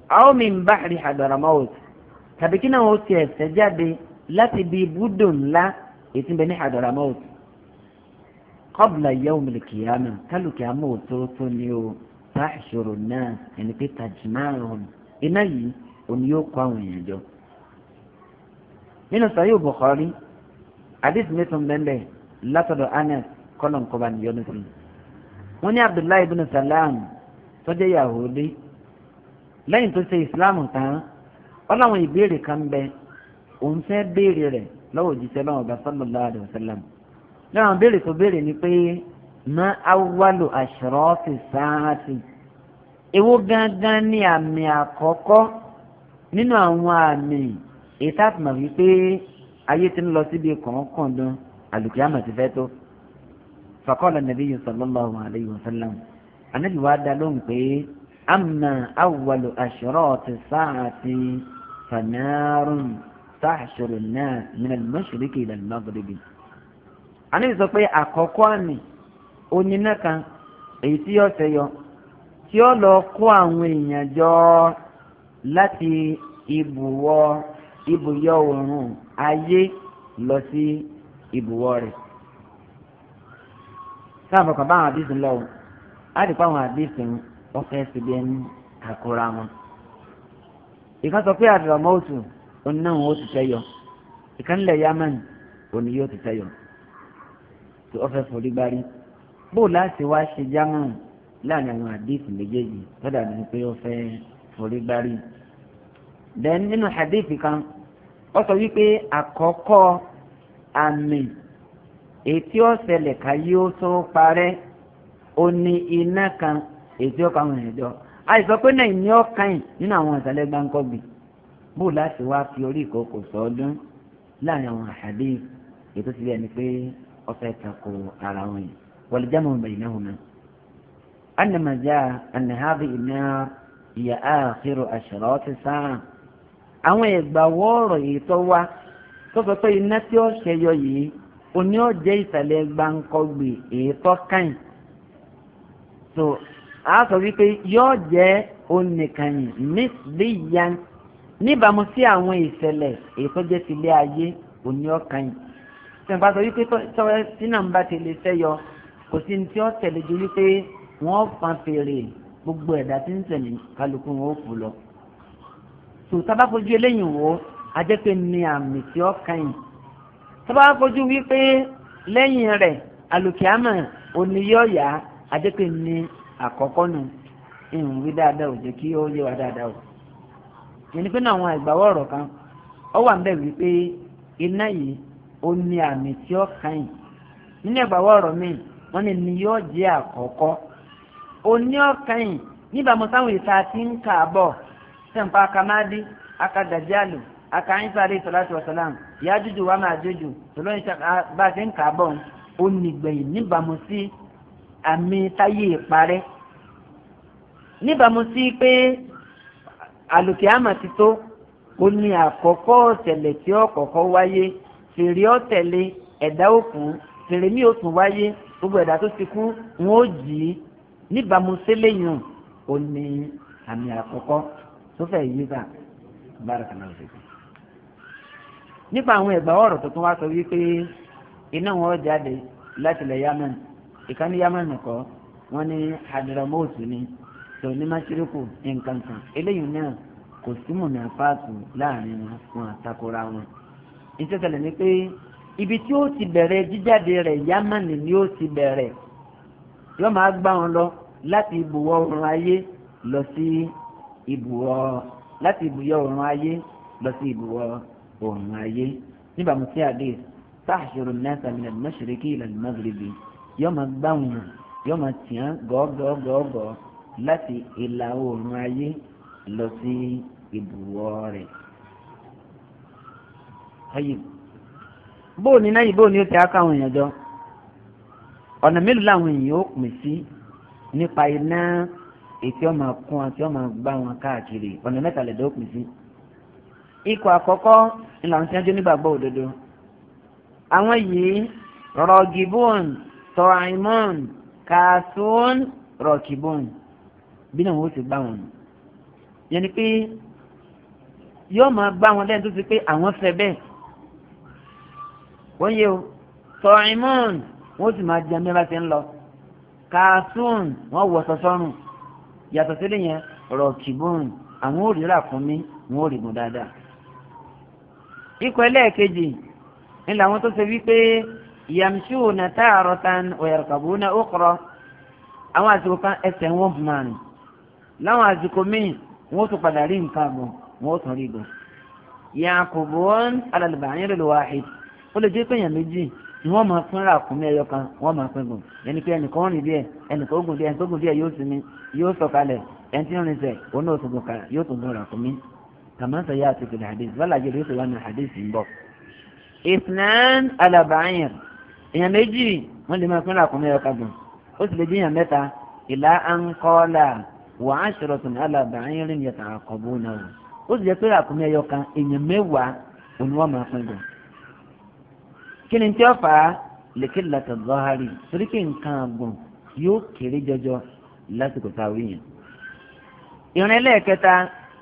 àwọn mi ń bá rí Hadramaut tàbí kí náà wọ́n ti ẹ̀sẹ̀ jáde láti bí ibùdó ńlá ètí ń bẹ ní Hadramaut qabla yawm al-qiyamah kálukì àmọ́ òtótó ni o tahshuru náà ẹni pé tajma'uhum iná yìí òun yóò kó àwọn èèyàn jọ. nínú sahih Bukhari hadith mẹ́tọ́ bẹ́ẹ̀ látọ̀dọ̀ Anas kọ́nà kọ́ba níyọ́nù sí i. wọ́n ní Abdullahi ibn Salam tọ́jú Yahudi lẹ́yìn tó ṣe islam tán wọ́n láwọn ìbéèrè kan bẹ òun fẹ́ béèrè rẹ̀ lọ́wọ́ òjíṣẹ́ náà ọba sallallahu alaihi wasallam lẹ́wọ̀n béèrè tó béèrè ni pé ma awwalu ashrafi saati èwo gangan ni àmì àkọ́kọ́ nínú àwọn àmì ìtàkùnmọ̀ wípé ayé ti ń lọ síbi kọ̀ọ̀kọ̀ọ̀dún àlùkìyàmọ̀ ti fẹ́ tó faqala nabiyyu sallallahu alaihi wasallam ànábì wa dá أما أول أشراط الساعة فنار تحشر الناس من المشرق إلى المغرب àní sọ pé àkọ́kọ́ àmì oníná kan èyí tí yóò ṣẹ̀yọ tí ó lọ kó àwọn èèyàn jọ láti ibùwọ̀ ibùyọ oòrùn ayé lọ lọ ọ̀fẹ́ síbi ẹni àkóra wọn. ìkan sọ pé àdìrọ̀mọ́tò òun náà ó ti tẹ́yọ ìkan lẹ̀ yámẹ́ni òun yóò ti tẹ́yọ tó ọ̀fẹ́ forí gbárí. bóò láti wá ṣe jámẹ́ni láàrin àwọn àdéhùn méjèèjì tọ́dà ní pé ọ̀fẹ́ forí gbárí. bẹ́ẹ̀ nínú àdéhùn kan ó sọ wípé àkọ́kọ́ àmì ètí ọ̀sẹ̀lẹ̀ ká yóò tó parẹ́ ó ní iná kan ètò ọkọ àwọn èèyàn jọ àìsàn pé náà ìní ọkàn yìí nínú àwọn ìsàlẹ̀ gbáǹkọ́gbìn bó láti wá fi orí ìkókò sọ́ọ́dún láàrin àwọn àṣàdé ètò ti rẹ̀ ni pé ọ̀fẹ́ tako ara wọn yìí wọlé jámọ̀ bẹ̀yìn náà wọn. anamajá anahabi iná ìyá àkérò àṣàrọ̀ ti sáà àwọn ìgbà wọ́ọ̀rọ̀ yìí tó wá tó sọ pé iná tí ó ṣẹyọ yìí oní ọ̀jẹ̀ ìsàlẹ̀ gbáǹkọ́gbìn èyí tó kàn a sọ wípé yóò jẹ́ onìkànnì níbíyan níbàámu sí àwọn ìṣẹ̀lẹ̀ èyí tó jẹ́ tilé ayé òní ọ̀kànnì tẹ̀m̀bá sọ wípé tọ́wẹ́ tí náà ń bá ti lè sẹ́yọ kò sí ní tí ó tẹ̀lé ju wípé wọ́n fan fèrè gbogbo ẹ̀dá tí ń tẹ̀lé kálukú wọn ó kú lọ. tó tábà fojú eléyìí wò á jẹ́ pé ní àmì tí ó kàn yìí fojú wípé lẹ́yìn rẹ̀ àlùkìámà òní á jẹ́ pé ní àkọ́kọ́ nù ìhùn wí dáadáa ò jẹ́ kí ó yé wa dáadáa o yẹnni pé àwọn kan ó wà níbẹ̀ wípé iná yìí ó ní àmì tí ó kàn yìí nínú àgbàwọ̀ ọ̀rọ̀ míì wọ́n ní ni yóò jẹ́ àkọ́kọ́ ó ní ọ̀kàn yìí níbàámu sáwọn ìta tí ń bọ̀ kamadi ọ̀sálàm wa bá a àmì táyé ìparẹ́ níbàámu sí pé àlùkìyámà ti tó ó ní àkọ́kọ́ ọ̀tẹ̀lẹ̀ tí ó kọ́kọ́ wáyé fèrè ọ̀tẹ̀lẹ̀ ẹ̀dá òkú fèrè mi ò tún wáyé gbogbo ẹ̀dá tó ti kú wọn ó jì í níbàámu sílẹ̀yìn ó ní àmì àkọ́kọ́ tó fẹ́ yí bá bárakàlá òṣèlú nípa àwọn ẹ̀gbà ọ̀rọ̀ tuntun wá sọ wípé iná wọn jáde láti ilẹ̀ Yemen ìkànnì yamani kọ́ wọ́n ní hadramóòtù ni tó ní mashiriku nǹkan kan eléyìí náà kò sí mọ̀nà fáàtù láàrin wọn àtakora wọn. ìtẹ́sẹ̀lẹ̀ ni pé ibi tí ó ti bẹ̀rẹ̀ jíjáde rẹ̀ yamani ni ó ti bẹ̀rẹ̀ yóò máa gbá wọn lọ láti ibùwọ̀ ọ̀run ayé lọ sí ibùwọ̀ láti ibùyọ̀ ọ̀run ayé lọ sí ibùwọ̀ ọ̀run ayé níbàámu sí àdéhùn táàṣìrò náà sàmìnà al-mashriqi ila yóò máa gbáwọn yàn yóò máa tìyàn gọ́gọ́gọ́gọ́ láti ìlà oòrùn ayé lọ sí ibùwọ̀ rẹ̀. bóò ní náà yìí bóò ní ó ti aká àwọn èèyàn jọ ọ̀nà mélòó làwọn èèyàn ó pín sí nípa iná ètí ọmọ akún àti ọmọ gbá wọn káàkiri ọ̀nà mẹ́tàlẹ́dọ́ pín sí. ikọ̀ àkọ́kọ́ ni làwọn tí wọ́n jẹ́ onígbàgbọ́ òdodo àwọn yìí rọ̀gìbọ́ọ̀nù tọ́àìmọ́n kàásùn rọ̀kìbọ̀n bí náà wọ́n ti gbá wọn. yẹn ni pé yóò máa gbá wọn lẹ́yìn tó ti pé àwọn fẹ́ bẹ́ẹ̀. wọ́n yẹ o tọ́àìmọ́n wọ́n sì máa jẹun bí wọ́n bá ti ń lọ kàásùn wọ́n wọ̀ sọ́sọ́rùn yàtọ̀ sílẹ̀ yẹn rọ̀kìbọ̀n àwọn ò rí rà fún mi wọ́n ò rí mu dáadáa. ikọ̀ ẹlẹ́ẹ̀kejì ni làwọn tó ṣe wípé yamshuna ta'ratan wa yarkabuna ukhra àwọn àsìkò kan ẹsẹ̀ wọn fún máa rìn láwọn àsìkò míì wọn tún padà rí nǹkan àbọ̀ wọn tún rí ibò yakubun ala al-ba'ir al-wahid ó lè jẹ́ pé èèyàn méjì ni wọ́n máa fún ràkúnmí ẹyọ kan wọ́n máa pín gùn yẹn ni pé ẹnìkan rìn díẹ̀ ẹnìkan gùn díẹ̀ ẹnìkan gùn díẹ̀ yóò sinmi yóò sọ̀kalẹ̀ ẹni tí ń rin sẹ̀ òun náà tó gùn kàrà yóò tún gùn ràkúnmí kàmáńsà yá àti kìlẹ̀ hadith wàlàjẹ́ ló ti wà ní hadith ń bọ̀. ìsìnàn ala èèyàn méjì wọ́n lè máa pín ràkúnmí ẹ̀ka gùn ó sì lè bí èèyàn mẹ́ta ìlà ànkọ́là wà á ṣòro tó ní alábàáyín rìn yẹ̀tà àkọ́bù náà ó sì jẹ́ pé ràkúnmí ẹ̀yọ kan èèyàn mẹ́wàá òní wọ́n máa pín gùn. kí ni tí ó fà á lèkè làtọ̀ zọ́hárì torí kí nǹkan gùn yóò kéré jọjọ lásìkò táwọn èèyàn. ìrìn ẹlẹ́ẹ̀kẹta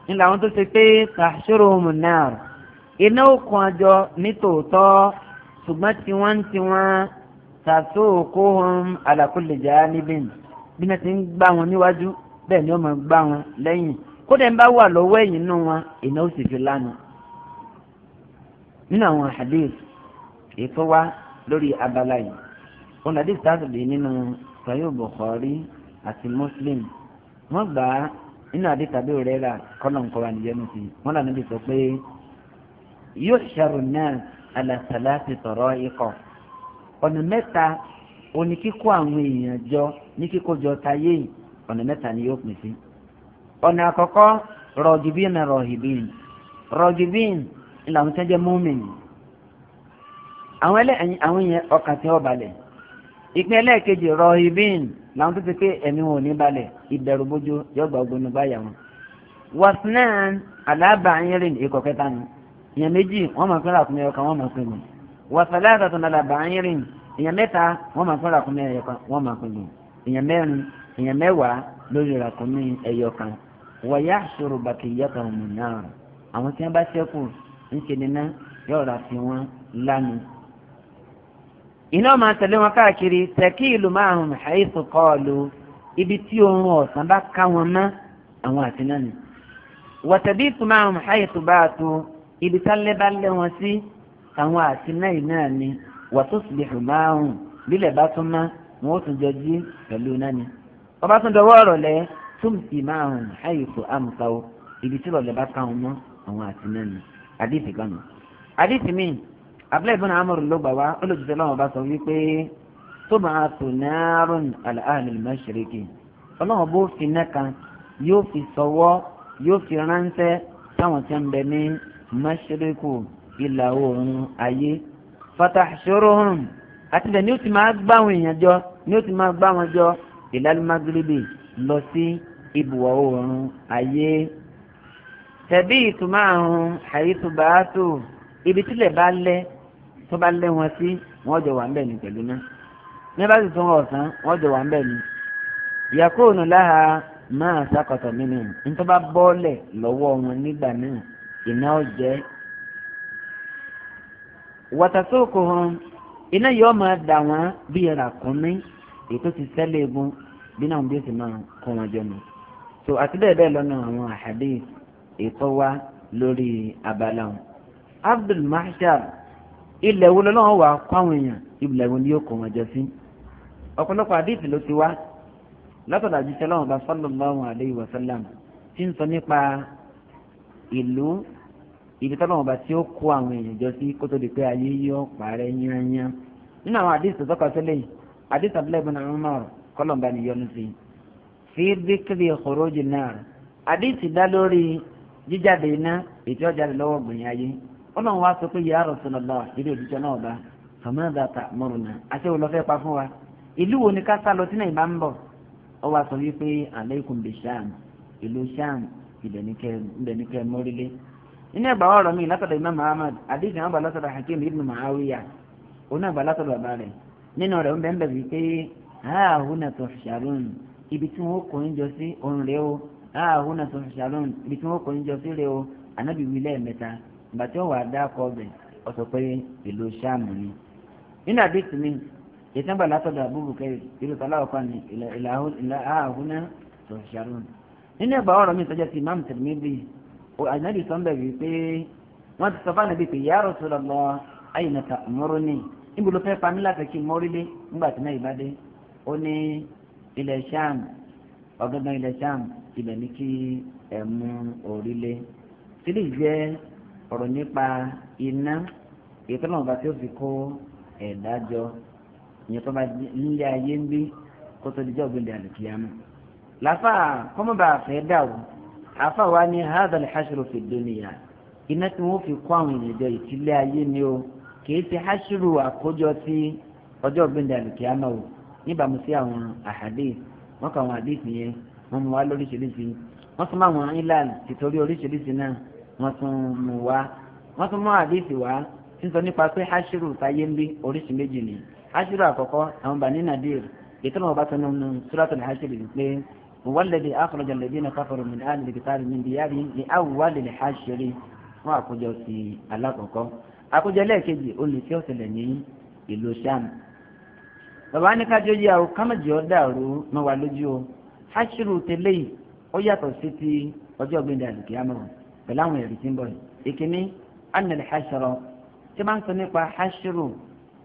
ni làwọn tó ṣe pé tàṣírò mùnà iná òkun àjọ nítòótọ́ ṣùgbọ́n tiwọn tiwọn tasuquhum ala kulli janibin bí wọ́n ti ń gbá wọn níwájú bẹ́ẹ̀ ni wọ́n máa gbá wọn lẹ́yìn kódà ń bá wà lọ́wọ́ ẹ̀yìn nù wọn ìná ó sì fi lánàá. nínú àwọn hadith ètò wa lórí abala yìí wọn hadith táàtù lè nínú sahih bukhari àti muslim wọn gbà á nínú hadith tàbí òrẹ́ra kọ́nà nǹkan wà níjẹ́nu sí i wọn lànà bí sọ pé yuhsharu an-nas alasalasi tọrọ ikọ̀ ọ̀nà mẹ́ta oní kíkó àwọn èèyàn jọ ní kíkójọ táyé yìí ọ̀nà ni yóò pín sí. ọ̀nà àkọ́kọ́ rọ̀gìbìn rọ̀hìbìn rọ̀gìbìn ni àwọn tẹ́jẹ́ mọ́mìnì àwọn ẹlẹ́yìn àwọn yẹn ọkàn tí wọ́n balẹ̀ ìpín ẹlẹ́ẹ̀kejì rọ̀hìbìn làwọn tó ti pé ẹ̀mí wọn ò ní balẹ̀ ìbẹ̀rù bójú yọgbà ogun nígbà yà wọn. wàsínáà alábàáyín rìn ìkọ̀kẹ́ta èèyàn méjì wọ́n máa pín ràkúnmí ẹyọkan wọ́n máa pín lò wàsálẹ́ àtàtàn nàlà bàáyìnrìn èèyàn mẹ́ta wọ́n máa pín ràkúnmí ẹyọkan wọ́n máa pín lò èèyàn mẹ́rin èèyàn mẹ́wàá lórí ràkúnmí ẹyọkan wọ̀yá ṣòro bàkìyàtà òmìnira àwọn tí wọ́n bá ṣẹ́kù ńṣe nínú yọ̀ọ̀rà fi wọ́n lánàá iná máa tẹ̀lé wọn káàkiri tẹ̀kí ìlú márùn-ún àìsù kọ́ọ̀lù ibi àwọn àti bá a tó ibi tálẹ́ bá lé wọn sí àwọn àti náà náà ni wàtó sùlẹ̀fù márùn bílẹ̀ bá tún má wọn ó tún jọ jí pẹ̀lú náà ni. ọba tún dọwọ́ ọ̀rọ̀ lẹ́ tún sì márùn àyèkò àmùkáwó ibi tí lọ́lẹ̀ bá káwọn mọ́ àwọn àti náà ni àdìsí kanu. àdìsí mi abúlé ìbọn àmọ̀rún ló gbà wá olójútẹ́ lọ́wọ́ bá sọ wípé tó máa tò náírùn àlàáhàn ìmọ̀ṣẹ̀rẹ̀kì ọlọ́run bó fi náà kan yóò fi sọwọ́ yóò fi ránṣẹ́ táwọn ti ń bẹ ní mashiriku ìlà oòrùn ayé fatahshuruhum àti bẹ́ẹ̀ ni ó ti máa gbá àwọn èèyàn jọ ni ó ti máa gbá wọn jọ ilal magribi lọ sí ibùwọ̀ oòrùn ayé tẹ̀bí ìtumọ̀ àrùn àyíṣu bàátù ibi tílẹ̀ bá lẹ́ tó bá lẹ́ wọn sí wọ́n jọ wà ń bẹ̀ ní pẹ̀lú náà ní bá sì tún ọ̀sán wọ́n jọ wà ń bẹ̀ ní. yakunu laha máa sákọ̀tọ̀ nínú nítorí bá bọ́ọ̀lẹ̀ lọ́wọ́ wọn nígbà náà iná ó jẹ́ wàtàsókò hàn iná yóò máa dà wọ́n bí ràkúnmí èyí tó ti sẹ́lẹ̀ egun bí náà bí ó sì máa kó wọn jọ nù so àti bẹ́ẹ̀ bẹ́ẹ̀ lọ́nà àwọn àhàdíìsì ètò wa lórí abala wọn Abdul Mahshar ilẹ̀ wo lọ́wọ́ wà kó àwọn èèyàn ilẹ̀ wo ni yóò kó wọn jọ sí ọ̀pọ̀lọpọ̀ àdéhìí ló ti wá látọ̀dọ̀ àjíṣẹ́ lọ́wọ́ bá sallallahu alayhi wa sallam tí ń sọ nípa ìlú ibi tọ́lọ́wọ́n bá tí ó kó àwọn èèyàn jọ sí kó tó di pé ayé yọ parẹ́ yányán nínú àwọn àdìs tó tọ́ka sílẹ̀ àdìs Abdullah ibn Umar kọ́lọ̀mbà níyọnu sí fi dhikri khuruj an-nar àdìs dá lórí jíjáde iná ètò ọjàde lọ́wọ́ gbìyànjú ayé ọlọ́run wá sọ pé ya Rasulullah ìdí òdìjọ náà bá famadha ta'muruna àti olùfẹ́ pa fún wa ìlú wo ni ká sá lọ tí ìbá ń bọ̀ ọ wá sọ wípé alaykum bi Sham ìlú Sham ìbẹ̀nikẹ́ mọ́rílé nínú ẹgbà ọ̀rọ̀ mi látọ̀dọ̀ Imam Ahmad àdéhùn àwọn balátọ̀dọ̀ Hakim ibn Muawiya òun àgbà látọ̀dọ̀ bàbá rẹ̀ nínú rẹ̀ ń bẹ́ẹ̀ bẹ́ẹ̀ wípé ààhùnà tó ṣàrùn ibi tí wọ́n kò ń jọ sí òun rẹ̀ o ààhùnà tó ṣàrùn ibi tí wọ́n kò ń jọ sí rẹ̀ o anábì wí lẹ́ẹ̀mẹ́ta ìgbà tí wọ́n wà á dákọ̀ ọbẹ̀ ọ sọ pé ìlú ṣáàmù ni. nínú àdéhùn mi ìtẹ́gbà látọ̀dọ̀ àbúrúkẹ́ nínú ẹgbà ọ̀rọ̀ mi tọ́jà ti Imam Tirmidhi ànábì sọ́nbẹ̀ wí pé wọ́n ti sọ fún ànábì pé ya Rasulullah ayna ta'muruni níbo ló fẹ́ pa mí láti kí n mọ́rílé nígbà tí náà ìbádé ó ní ilẹ̀ sham ọ̀gángan ilẹ̀ sham ibẹ̀ ní kí ẹ mú orílé sílẹ̀ jẹ́ ọ̀rọ̀ nípa iná ìtọ́nà ọba tí ó fi kó ẹ̀dá jọ ìyẹn tó bá nílé ayé ń bí kó tó di jọ́ gbẹ̀dẹ̀ àlùkìyàmù láfà kọ́mọba àfẹ́ dà wọ́n afa wa ni hadha al-hashru fi dunya iná tí wọ́n fi kó àwọn ènìyàn jọ ìtìlẹ̀ ayé ni o kì í ti hashru àkójọ sí ọjọ́ gbẹ̀ndẹ̀ àlùkìyàmọ̀ o níbàámu sí àwọn àhàdé wọn kà àwọn àdéhùn yẹn wọn mú wa lóríṣiríṣi wọn tún mú àwọn ilan tìtorí oríṣiríṣi náà wọn tún mú wa wọn tún mú àdéhùn wa sísọ nípa pé hashru táyé ń bí oríṣi méjì ni hashru àkọ́kọ́ àwọn bani nadir ètò ìwọ̀n bá هو الذي أخرج الذين كفروا من أهل الكتاب من ديارهم لأول الحشر wọn àkójọ ti alákọ̀ọ́kọ́ àkójọ lẹ́ẹ̀kejì olùsí ọ̀sẹ̀lẹ̀ ní ìlú sham bàbá ní kájọ yà ó kámẹ́jì ọ́ dàrú mọ́ wa lójú o hashiru tẹ́lẹ̀ yìí ó yàtọ̀ sí ti ọjọ́ gbẹ̀dẹ̀ àlùkìyàmọ̀ pẹ̀lú àwọn ẹ̀rí tí ń bọ̀ ìkíní anàlẹ̀ hashara tí máa ń sọ nípa hashiru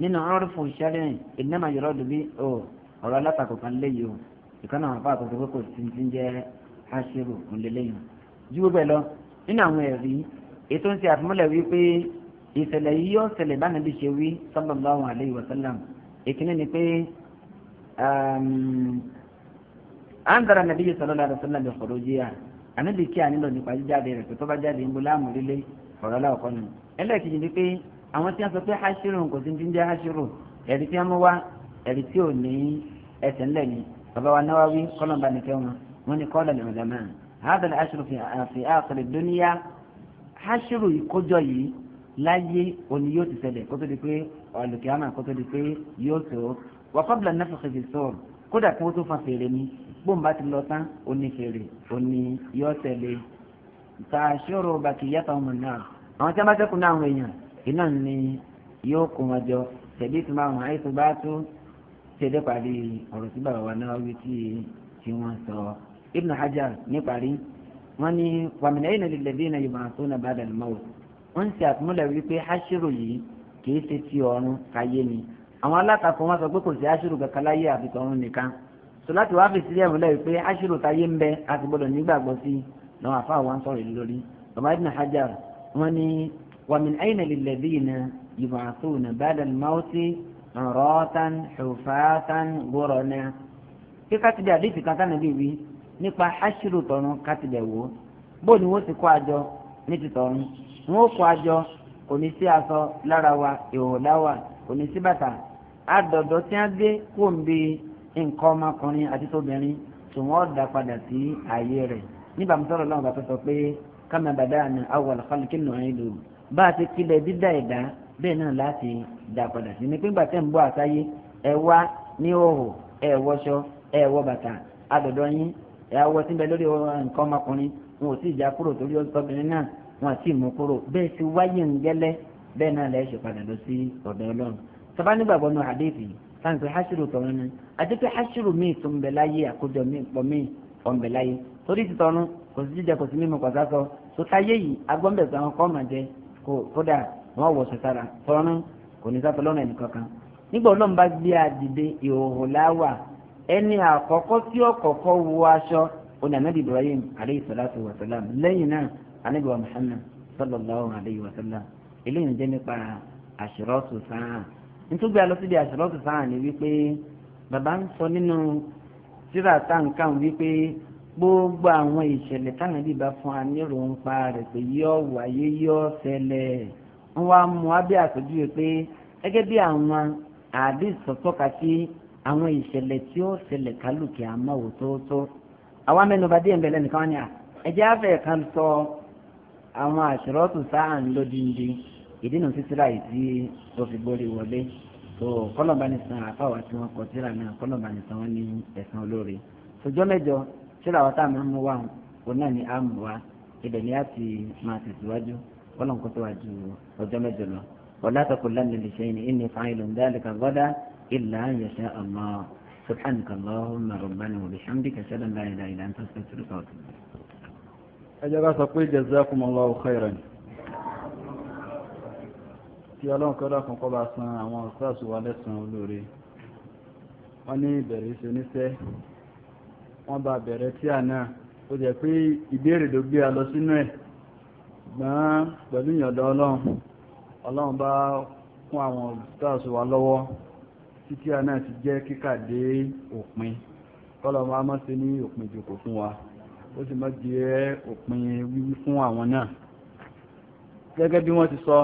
nínú ọ̀rọ̀fù sẹ́rìn ìnáma yọ̀rọ̀ dùbí ọ̀rọ̀ alátakò kan lẹ́yìn o ìkànnì àwọn apá àtúntò kò sí ti ń jẹ́ aṣèrò ńlẹ́lẹ́yìn ju gbogbo ẹ̀ lọ nínú àwọn ẹ̀rí ètò ń ṣe àfimúlẹ̀ wípé ìṣẹ̀lẹ̀ yìí yóò ṣẹlẹ̀ báyìí bí ṣe wí sallallahu alayhi wa sallam ìkíní ni pé um, andara nabi sallallahu alayhi wa sallam bi khurujiha ànábì kí ànílò nípa jíjáde rẹ̀ tó bá jáde ń bo láàmú líle ọ̀rọ̀ aláwọ̀kọ́ nù ẹlẹ́ẹ̀kejì ni pé àwọn tí wọ́n sọ pé haṣírò kò sí ti ń jẹ́ haṣírò ẹ̀rí tí wọ́n mú wá ẹ̀rí tí ò ní ẹsẹ̀ ńlẹ̀ ni bàbá wa Nawawi kọ́lọ̀mbà nìkẹ́ wọn wọn ni kọ́lọ̀ lè rẹ̀ mọ́ هذا العشر في في آخر الدنيا حشر ìkójọ yìí láyé òní yóò ti ṣẹlẹ̀ kótó di pé ọ̀lùkìámà kótó di pé yóò tó wà kọ́bìlà náà fòkè fi sọ̀rọ̀ kódà kí wọ́n tó fa fèrè ni gbòǹba ti lọ tán òní fèrè òní yóò tẹ̀lé tàṣírò bàkìyàtọ̀ ọmọ náà àwọn tí wọ́n bá tẹ́kùn náà àwọn èèyàn iná ni yóò kó wọn jọ tẹ̀lé ìtumọ̀ àwọn àìsàn bá tó ṣẹdẹ parí ọ̀rọ̀ tí bàbá wa náà wí tí tí wọ́n sọ Ibn Hajar ní parí wọ́n ní wàmìnà yìí nàlẹ́ lẹ́bí iná yorùbá tó nà bá dàlú mọ́wò wọ́n ń ṣe àtúmọ̀lẹ̀ wípé aṣírò yìí kìí ṣe ti ọ̀run káyé ni àwọn alátakò wọn sọ pé kò sí aṣírò kankan láyé àfi tọ̀run nìkan sọ láti wá fi sílẹ̀ múlẹ̀ wípé aṣírò táyé ń bẹ àti gbọdọ̀ nígbàgbọ́ sí lọ́wọ́ rọ́ọ̀tàn ṣùfàtàn gbọ́rọ̀nà kí kátìdé àdìsí kan sáà nàbí wí nípa aṣírò tọ̀run kátìdé wò bó ni wọ́n ti kó àjọ ní ti tọ̀run wọ́n kó àjọ kò ní sí aṣọ lára wa ìhò láwà kò ní sí bàtà àdọ̀dọ̀ tí wọ́n gbé kó ń bi nǹkan ọmọkùnrin àti tóbìnrin tí wọ́n dá padà sí ààyè rẹ̀ nígbà mi sọ̀rọ̀ lọ́wọ́ bàtà sọ pé kámẹ́ bàdá àná àwọn àlùfáà bẹ́ẹ̀ náà láti dà padà sí ni pé gbà tẹ́ ń bọ́ àsáyé ẹ wá ní òhò ẹ wọṣọ ẹ wọ bàtà àdọ̀dọ̀ yín ẹ awọ síbẹ̀ lórí nǹkan ọmọkùnrin wọn ò sì já kúrò torí ọkùnrin náà wọn àti mú kúrò bẹ́ẹ̀ sì wáyé ń gẹ́lẹ́ bẹ́ẹ̀ náà lẹ́ẹ̀ padà lọ sí ọ̀dọ̀ ọlọ́run sábà nígbàgbọ́ nù àdéhìí sáǹsì hásírù tọ̀run ni àti pé hásírù míì tó ń bẹ láyé àkójọ míì pọ̀ míì ọ̀ ń bẹ láyé torí ti tọ̀run kò sí jíjẹ kò sí mímu kò sásọ tó táyé yìí agbọ́nbẹ̀sẹ̀ àwọn kọ́ máa jẹ kódà wọ́n wọ̀ sọ̀tara tọ́rán kò ní sáfẹ́ lọ́nà ẹnìkankan nígbà ọlọ́run bá gbé àdìde ìhòòhò láwà ẹni àkọ́kọ́ tí ó kọ́kọ́ wọ aṣọ oní anabi ibrahim aleyhi salatu wa salam lẹ́yìn náà anabi wa muhammad sallallahu alayhi wa salam eléyìí jẹ́ nípa àṣírọ́tù sáà nítorí àlọ́ àṣírọ́tù sáà ni wípé bàbá ń sọ nínú síra táǹkà wípé gbogbo àwọn ìṣẹ̀lẹ̀ táwọn ẹbí bá fún wa nírò ń pa rẹ̀ pé yọ wáyé yọ ṣẹlẹ̀ ń wá mú abẹ́ àpèjúwe pé gẹ́gẹ́ bí àwọn àdìs tọ́ka sí àwọn ìṣẹ̀lẹ̀ tí ó ṣẹlẹ̀ kálukì àmọ́wò tóótó àwa mẹ́nuba díẹ̀ nbẹ̀lẹ̀ nìkan ni à ẹjẹ́ afẹ́ kan sọ àwọn àṣírọ́tù sáà ń lódìndí ìdínà títíra yìí tí ó fi borí wọlé tó kọ́lọ̀bá ní tí wọ́n kọ tíra náà kọ́lọ̀bá ní san ẹ̀sán olóore tòjọ́ mẹ́jọ tíra wa tá a máa ń mú wa òun náà ni a mú wa ibẹ̀ ni a ti máa tẹ̀síwájú ọlọ́run kó tó wá ju ọjọ́ mẹ́jọ lọ wala taqulanna li shay'in inni fa'ilun dhalika ghadan illa an yasha Allah subhanaka Allahumma rabbana wa bihamdika ashhadu an la ilaha illa anta astaghfiruka wa atubu ilayk. ẹ jẹ́ ká sọ pé jazakumullahu khairan tí ọlọ́run kọ́dá kan kọ́ bá san àwọn ọ̀sáàsù wa lẹ́sàn-án olóore wọ́n ní ìbẹ̀rẹ̀ ṣe níṣẹ́ wọ́n bá bẹ̀rẹ̀ tíà náà ó jẹ́ pé ìbéèrè ló gbé a lọ sínú ẹ̀ ṣùgbọ́n pẹ̀lú ìyọ̀dọ̀ ọlọ́run ọlọ́run bá kún àwọn olùtọ́sù wa lọ́wọ́ títí àná ti jẹ́ kíkà dé òpin kọ́lọ̀ máa mọ́ sí ní òpin ìjòkó fún wa ó sì mọ́ jẹ́ òpin wíwí fún àwọn náà gẹ́gẹ́ bí wọ́n ti sọ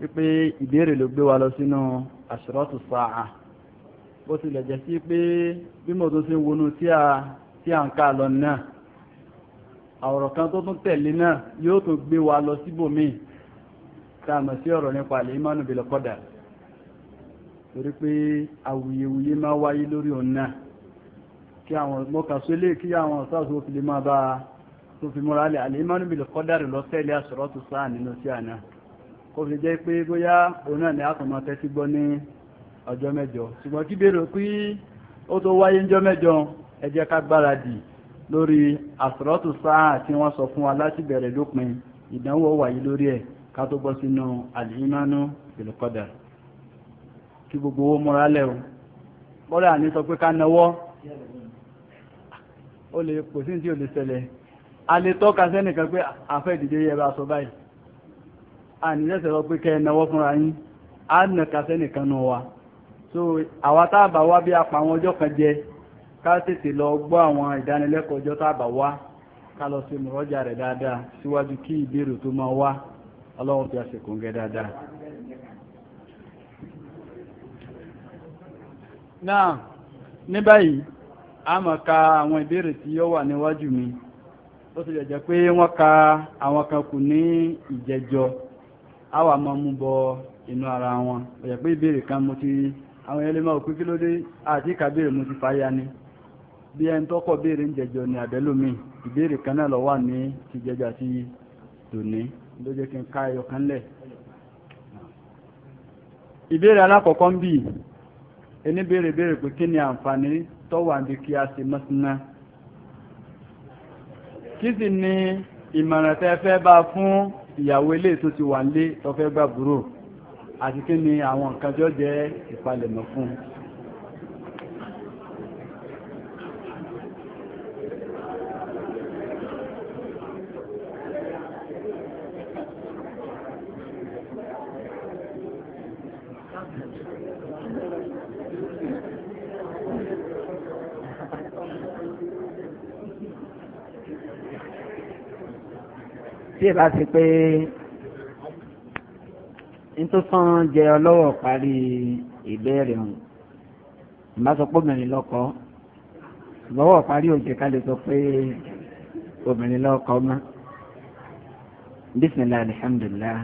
wípé ìbéèrè ló gbé wa lọ sínú àṣírọ́tù sáà bó tilẹ̀ jẹ́ sí pé bí mo tó ṣe wọnú tí à ń kà lọ náà àwọ̀rọ̀ kan tó tún tẹ̀lé náà yóò tún gbé wa lọ síbòmíì táàmà sí ọ̀rọ̀ nípa lè mánu bí lọ́kọ́dà torí pé awuyewuye máa wáyé lórí òun náà kí àwọn mọ́kànsólé kí àwọn ọ̀sáàsó fi lè máa bá tó fi múra lẹ̀ àlè mánu bí lọ́kọ́dà rẹ̀ lọ́tẹ̀lẹ̀ àṣọ̀rọ̀ tó sáà nínú sí àná kó fi jẹ́ pé bóyá òun náà ni a kàn lórí àsọ̀rọ̀tù sáà tí wọ́n sọ fún wa láti bẹ̀rẹ̀ lópin ìdánwò wáyé lórí ẹ̀ ká tó bọ́ sínú àlìyínmánú ìlúkọ̀dà kí gbogbo owó múra lẹ̀ o bọ́lá àní sọ pé ká nawọ́ ó lè kò sí tí ò lè ṣẹlẹ̀ a lè tọ́ka sẹ́nìkan pé àfẹ́ ìdíje yẹ bá sọ báyìí àní lẹ́sẹ̀ lọ pé kẹ́ ẹ nawọ́ fúnra yín á nàka sẹ́nìkan nù wa so àwa tá a bá wá bí apá àwọn ọjọ́ kan jẹ ká tètè lọ gbọ́ àwọn ìdánilẹ́kọ̀ọ́ ọjọ́ tá a bá wá ká lọ sí mọ̀rọ́jà rẹ̀ dáadáa síwájú kí ìbéèrè tó máa wá ọlọ́run fi dáadáa. náà ní báyìí a ma ka àwọn ìbéèrè tí ó wà níwájú mi ó ti pé wọ́n ka àwọn kan kù ní bọ inú ara wọn pé kan mo ti àwọn ẹlẹ́mọ̀ òkú kí ló dé àti ìkàbéèrè ni. bí ẹni tọ́kọ̀ béèrè ń jẹjọ ní àbẹ́lómi ìbéèrè kan náà lọ wà ní ti jẹjọ àti tòní ló jẹ́ kí n ká ẹyọ kan lẹ̀. ìbéèrè alákọ̀ọ́kọ́ ń bì ẹni béèrè béèrè pé kí ni àǹfààní tó wà níbi kí a ṣe mọ́sánná. kí sì ni ìmọ̀ràn tẹ́ fẹ́ bá fún ìyàwó ilé tó ti wà nílé tó fẹ́ gbà àti kí ni àwọn nǹkan jọ jẹ́ ìpalẹ̀mọ́ fún un. tí ìbá ti pé nítòsán jẹ ọlọ́wọ́ parí ìbéèrè hàn ìbá sọ pé obìnrin lọ́kọ ìbọ̀wọ̀ parí òjò ká lè sọ pé obìnrin lọ́kọ mọ́ bisimilahi alhamdulilah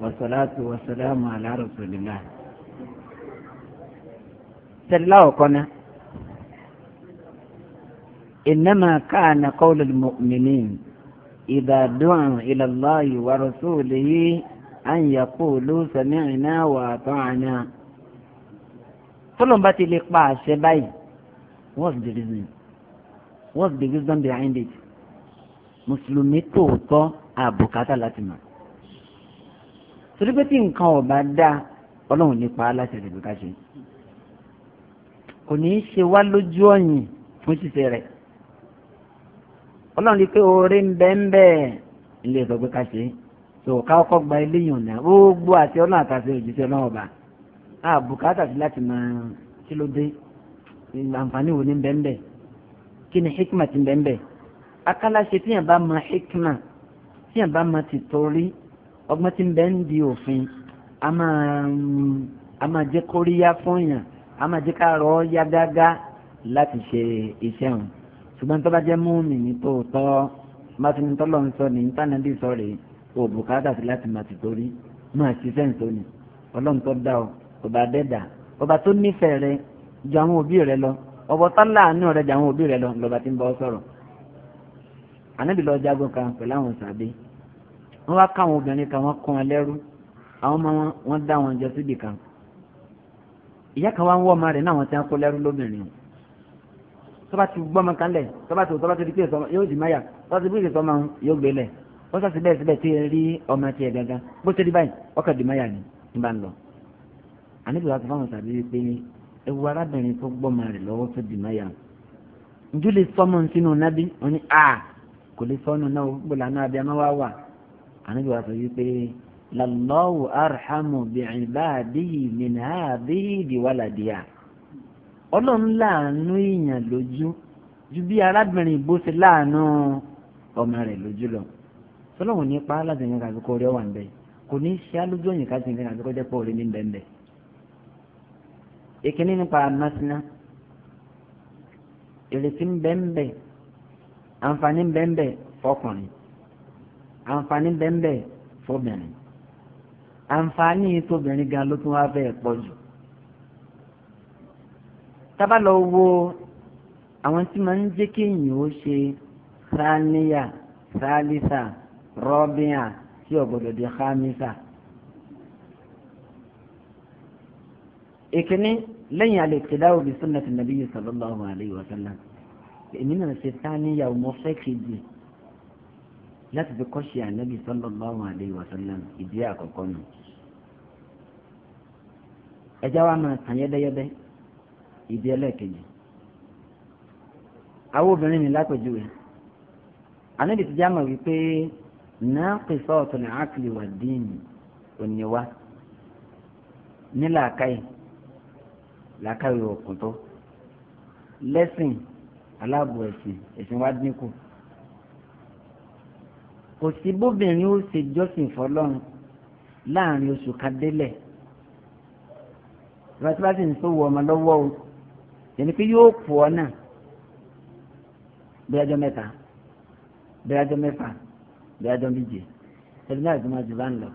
wasalaatu wasalaamu ala rasulillah tẹ̀lá ọ̀kọ́ náà. إنما كان قول إذا دعوا إلى الله ورسوله أن يقولوا سمعنا وأطعنا tọ́lọ́mbà ti لك pa àṣẹ what's the reason what's the reason behind it mùsùlùmí tòótọ́ أبو láti mọ̀ torí pé tí nǹkan ọ̀bá dá ọlọ́run nípa aláṣẹ rẹ̀ bí ká ṣe kò ọlọ́run rí i pé oore ń bẹ́ ń bẹ́ ilé ìtọ́ pé ká ṣe é tó ká ọkọ̀ gba eléyìí ọ̀nà gbogbo àti ọlọ́run àtàṣe òjíṣẹ́ ọlọ́run ọba àbùkátà sí láti máa kí ló dé àǹfààní wo ni ń bẹ́ ń bẹ́ kí ni hikma ti ń bẹ́ ń bẹ́ akálàṣe tíyàn bá mọ hikma tíyàn bá mọ tìtorí ọgbọ́n ti ń bẹ́ ń di òfin a máa a máa jẹ́ kóríyá fún yàn a máa jẹ́ ká rọ̀ yá gágá láti ṣe iṣẹ́ wọn ṣùgbọ́n tó bá jẹ́ múmi ní tòótọ́ mátìní tọ́lọ̀ ń sọ ní tánàbí sọ̀rọ̀ o bùkátà sí láti máa ti torí máa ṣiṣẹ́ nítorí ọlọ́run tó dá o ọba dẹ́dà ọba tó nífẹ̀ẹ́ rẹ ju àwọn òbí rẹ lọ ọbọ tálàánú rẹ ju àwọn òbí rẹ lọ lọba tí ń bọ́ sọ̀rọ̀ ànábì lọ jagun kan pẹ̀lú àwọn sàbí wọ́n wá káwọn obìnrin kan wọ́n kún wọn àwọn ọmọ wọn dá wọn jọ síbì kan ìyá kan wá ń wọ́ ọmọ rẹ̀ náà wọ́n ti ń kó lẹ́rú lóbìnrin o tọ́ba ti gbọ́ ọmọ kan lẹ̀ tọ́ba ti tọ́ba ti di pé yóò di máyà tọ́ba ti bíríkì sọmọ yóò gbé lẹ̀ ó sọ síbẹ̀ síbẹ̀ tí rí ọmọ tiẹ̀ gangan bó ṣe rí báyìí ọkọ̀ di máyà ni ń bá ń lọ. àníbi wàá sọ fáwọn tàbí wípé ewu arábìnrin tó gbọ́ ọmọ rẹ̀ lọ́wọ́ tó di máyà njú lè sọmọ sínú nábí ó ní a kò lè sọnù náà ó gbọ́dọ̀ àná abẹ́ ọmọ wa wà àníbi wàá sọ wípé lallahu arhamu bi'ibadihi min ọlọ́run láàánú èèyàn lójú ju bí arábìnrin ìbò ṣe láàánú ọmọ rẹ̀ lójú lọ sọlọ́run ní pa aláṣẹ nǹkan àti kọ́ ọ̀rẹ́ wà nbẹ kò ní ṣe alójú ọ̀yìn ká ṣe nǹkan àti kọ́ jẹ́ pọ̀ ọ̀rẹ́ ní bẹ́ẹ̀ ìkíní nípa amásínà ìrètí ń bẹ́ẹ̀ àǹfààní bẹ́ẹ̀ fọkùnrin àǹfààní bẹ́ẹ̀ fọbìnrin àǹfààní tóbìnrin gan ló tún wá fẹ́ pọ̀ jù tábà lọ wo àwọn tí máa ń jẹ́ kéèyàn ó ṣe sáníyà sálísà rọ́bìà tí ọ̀gbọ̀dọ̀ di hámísà. ìkíní lẹ́yìn al-iqtidā'u bi sunnati nabiyyi sallallahu alayhi wa sallam èmi náà ṣe sáníyà ọmọ fẹ́ kejì láti fi kọ́ṣe ànábì sallallahu alayhi wa sallam ìdí àkọ́kọ́ nù. ẹja wa máa tàn yẹ́dẹ́yẹ́dẹ́ ìdí ẹlẹ́ẹ̀kejì àwọn obìnrin ní lápẹ̀jùwe ànábì ti jámọ̀ wípé náà pèsè ọ̀tún ní àkìlì wà díìnì òníwá ní làákàyè làákàyè òkun tó lẹ́sìn aláàbò ẹ̀sìn ẹ̀sìn wa dínkù kò sí bóbìnrin ó ṣe jọ́sìn fọlọ́run láàrin oṣù kadélẹ̀ ìwà tí wọ́n ti ń sọ wọ ọmọ lọ́wọ́ o yẹni pé yóò pọ̀ ọ́ náà bẹ́ẹ̀ ọjọ́ mẹ́ta bẹ́ẹ̀ ọjọ́ mẹ́fà bẹ́ẹ̀ ọjọ́ méje ẹ̀rí náà tó máa jù bá ń lọ.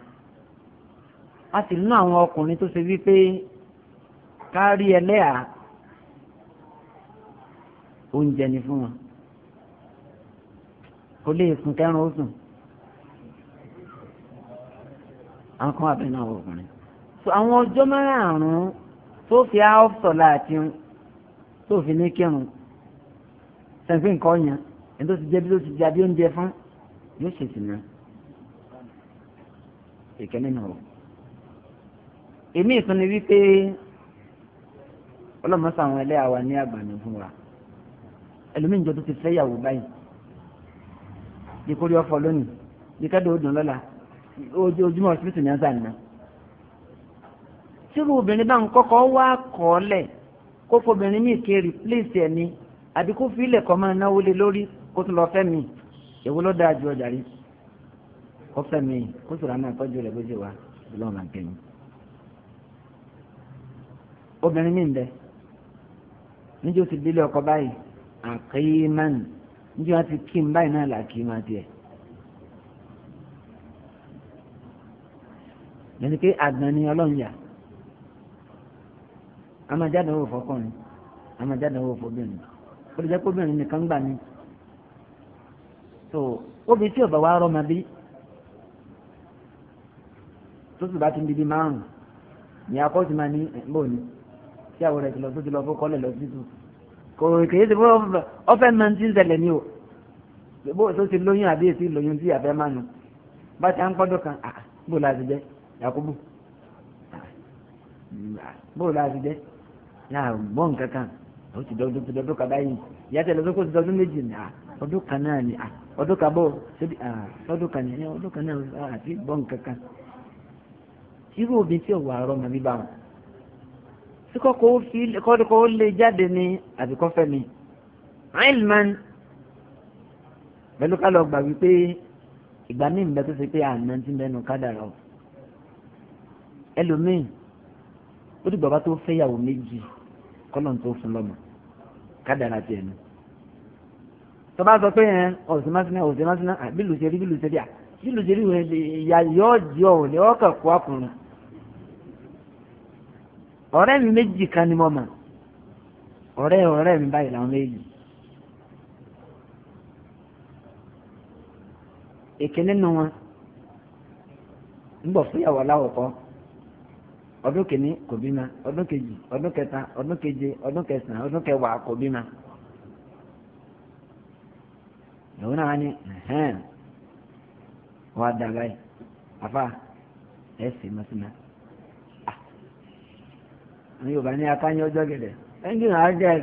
a sì nú àwọn ọkùnrin tó ṣe wípé kárí ẹlẹ́à oúnjẹ ni fún wọn kò lè sùn kẹrùn ó sùn àwọn kan wà bẹ́ẹ̀ náà wọ ọkùnrin. so àwọn ọjọ́ márùn-ún tó fi áọ́fù sọ̀lá àti tó fi ní kírun sẹ́ńpé nǹkan yẹn ẹni tó ti jẹ́ bí ló ti jẹ́ abí oúnjẹ fún yóò ṣe sì náà ìkẹ́ nínú o. èmi ìtún ni wípé ọlọ́mọsọ àwọn ẹlẹ́yà wa ní àgbàní fún wa ẹlòmíì ìjọ tó ti fẹ́ yàwó báyìí bí ọfọ lónìí bí kẹ́dọ̀ ó dùn lọ́la ọsibítù ní ọ̀sán náà. tí obìnrin bá ń kọ́kọ́ wá kọ́ ọ́ lẹ̀ kó fobìnrin míì ké replace ẹ̀ ni àbí kó fi ilẹ̀ kọ́ máa náwó lé lórí kó tún lọ fẹ́ mi èwo ló dáa ju ọjà rí kó fẹ́ mi kó sọ̀rọ̀ àmọ́ ìtọ́jú rẹ̀ bó ṣe wà lọ́wọ́ máa gbẹ̀yìn. obìnrin míì ń bẹ níjó ti délé ọkọ báyìí àkéémánì níjó wọn ti kí n báyìí náà là kí n máa tiẹ̀. yẹn pé àgbọn ni ọlọ́run yà a máa jáde owó fọkùnrin a máa jáde owó fọbìnrin ó lè jẹ́ pé obìnrin nìkan gbà ní. so obìnrin tí ọ̀bà wa rọ́mọ bí tó sì bá ti ń bíbí márùn-ún ní akọ́sí máa ní bò ní tí àwọn rẹ̀ ti lọ tó ti lọ fún kọ́lẹ̀ lọ sí tù kò kèé ti fún ọfẹ́ máa ń ti ń ṣẹlẹ̀ ní o bó tó ti lóyún àbí èsì lóyún tí àfẹ́ máa nù bá ti à ń pọ́dọ̀ kan bó la ti jẹ́ Yakubu bó la ti jẹ́ láàgbọ́n kankan ó ti dọ́dún ti dọ́dún kan báyìí ìyá tẹ̀lé sọ́kò ti dọ́dún méjì ní ọdún kan náà ni ọdún kan bọ̀ síbi ọdún kan ní ọdún kan náà àti gbọ́n kankan. irú obìnrin tí ọ̀wọ́ àárọ̀ màbí bá wọn tí kọ́kọ́ ó fi kọ́kọ́ ó lè jáde ní àbíkọ́ fẹ́mi ilman pẹ̀lú ká lọ gbà wípé ìgbà míì ń bẹ tó ṣe pé àná ti ń bẹnu kádàrá o ẹlòmíì ó dìgbà bá tó fẹ́yàwó méjì kọ́lọ́n tó fún lọ́mọ kádàrà tiẹ̀ nu tó bá sọ pé yẹn ọ̀sìn másínà ọ̀sìn másínà bílù ṣe rí bílù ṣe rí à bílù ṣe rí wẹ̀ ìyá yọ jọ ò lè ọkọ̀ kó ọkùnrin ọ̀rẹ́ mi méjì kan ni mo mọ̀ ọ̀rẹ́ ọ̀rẹ́ mi báyìí làwọn méjì èké nínú wọn ń bọ̀ fúyàwó aláwọ̀ kọ́. ọdún kìíní kò bímọ ọdún kejì ọdún kẹta ọdún keje ọdún kẹsàn-án ọdún kẹwàá kò ìyàwó náà ní wàá dà báyìí àfa ẹ̀ sì sínú. Yorùbá ní akáyín ọjọ́ gẹ̀dẹ̀ ẹ̀ńdì náà jẹ́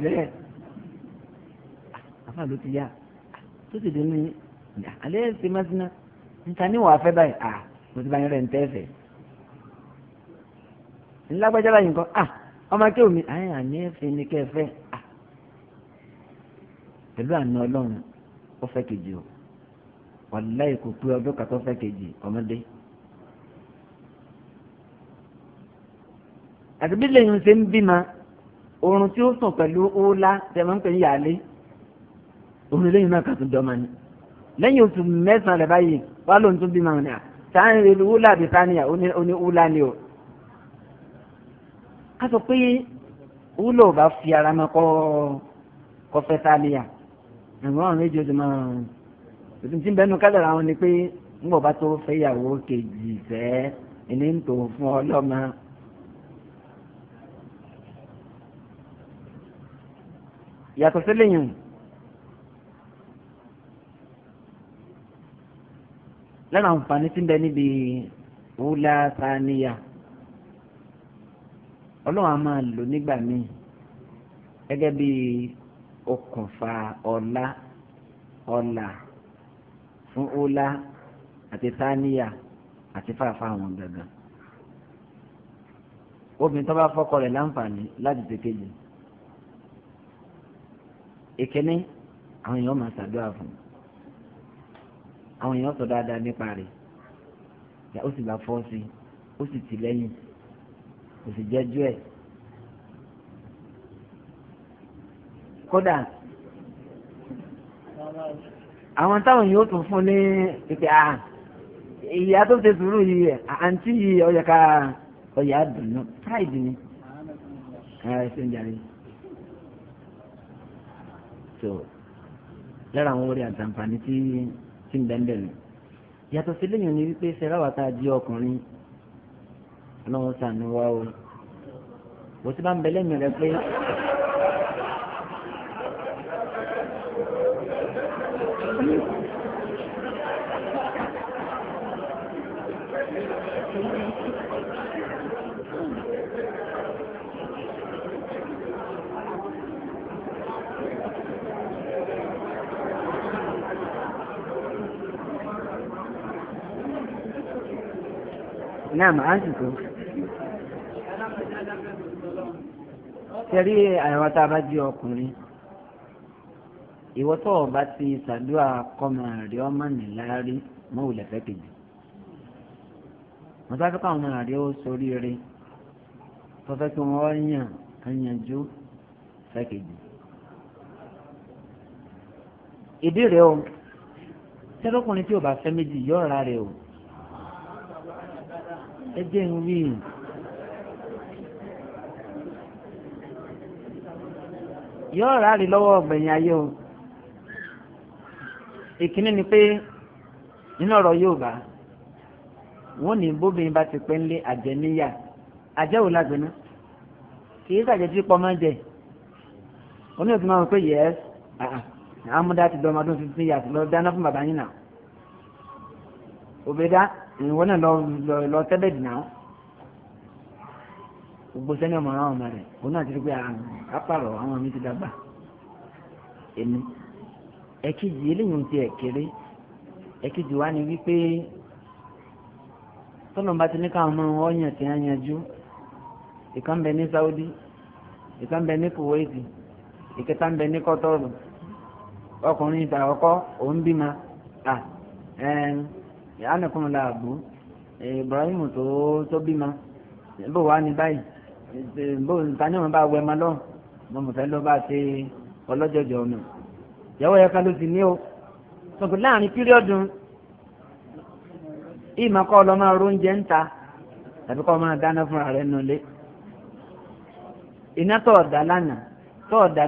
ló ti yá tó ti ní alẹ́ sì sínú. ni wàá fẹ́ báyìí mo ti bá yẹn rẹ̀ ń tẹ́ ńlágbájá báyìí nǹkan ah ọmọ akéwì mi àyìn àní ẹ̀fẹ̀ ni kẹfẹ́ ah pẹ̀lú àná ọlọ́run ó fẹ́ kejì o wàláyé kò pé ọdún kan tó fẹ́ kejì ọmọdé. àti bí lèyìn ṣe ń bímọ oorun tí ó sùn pẹ̀lú óòlá tẹ̀ máa ń pè ní yàlé oorun lẹ́yìn náà kàtún dọ́mọ ni lẹ́yìn oṣù mẹ́sàn-án rẹ̀ báyìí wàá lóun tún bímọ ní à ah, sáà ń relu óòlá àbí sáníyà ó ní óòlá ni o ká sọ pé wúlò bá fi ara mọ́ kọ́ kọ́ fẹ́ tálíà ẹ̀wọ̀n ọ̀run máa tuntun tí ń bẹnu kálẹ̀ àwọn ni pé ń bọ̀ bá tó fẹ́ ìyàwó kejì fẹ́ ẹni ń tò fún ọ lọ́mọ. yàtọ̀ sílẹ̀ yìí lẹ́nu àǹfààní tí ń bẹ níbi wúlá sáníyà ọlọ́run á máa lò nígbà míì gẹ́gẹ́ bí okùnfà ọ̀la ọ̀la fún ọ̀la àti táníyà àti fàáfàá àwọn gangan obìnrin tó bá fọkọ rẹ̀ láǹfààní láti tèkejì ìkíní àwọn èèyàn máa ṣàdúrà fún àwọn èèyàn sọ dáadáa nípa rẹ̀ ó sì bá fọ́ sí ó sì tì lẹ́yìn kò sì jẹ́jú ẹ̀. kódà àwọn táwọn yóò tún fún ní pípẹ́ à ah, ìyá tó ṣe sùúrù yìí ẹ̀ àǹtí yìí ọ̀yà ká ọ̀yà dùnú pride ni ẹ̀ ṣe ń darí. so lára àwọn orí àtàǹfààní tí tí ń bẹ́ẹ̀ bẹ́ẹ̀ nù yàtọ̀ sí lẹ́yìn ní wípé ṣẹlá wàtá di ọkùnrin أنا هو سان واو وتبان بلين من نعم عادي sẹ́rí àwọn tá a bá jẹ́ ọkùnrin ìwọ tó o bá ti ṣàdúrà kọ́mọ rẹ ọmọ nìláárí mọ́ òwúlẹ̀ fẹ́ kejì wọ́n sáfẹ́ káwọn ọmọ rẹ ó sórí rẹ tó fẹ́ kí wọ́n yàn kányanjú fẹ́ kejì. ìdí rẹ o sẹ́dọ̀kùnrin tí o bá fẹ́ méjì yọ̀ọ̀ra rẹ o ẹ jẹ́ ń wí. yóò ráàlì lọ́wọ́ ọ̀gbẹ̀yìn ayé o ìkíní ni pé nínú ọ̀rọ̀ Yorùbá wọ́n ní bóbìnrin bá ti pẹ́ ńlé àjẹ́ níyà àjẹ́ wò lágbẹ̀ná kì í sàjẹ́ tí pọ́ máa jẹ oní òtún máa ń pè yẹ àmúdá ti dọ́mọ ọdún fífi yàtọ̀ lọ dáná fún bàbá yín náà òbẹ̀dá ìwọ náà lọ tẹ́lẹ̀ dì náà. gbogbo sẹ́ni ọmọ àwọn ọmọ rẹ̀ òun náà ti rí pé ah, àpàrọ̀ àwọn mi ti dàgbà èmi ekiji eléyìí ti ẹ̀kéré ekiji wá ni wípé tọ́lọ́mbà ti ní káwọn ọmọ wọn tí wọ́n yanjú ìkan bẹ ní Saudi ìkan bẹ ní Kuwait ìkẹta bẹ ní kọ́tọ́ọ̀lù ọkùnrin ìta ọkọ òun bímọ ànàkùnrin Ibrahim tó tó bímọ wa ni báyìí. bóun ta ni bá wẹ ma lọ bá ṣe ìyàwó ló ti ní o sọ̀tún láàrin píríọ̀dù ìmọ̀ kọ́ lọ máa ro oúnjẹ ń tàbí kọ́ máa dáná fúnra iná lánàá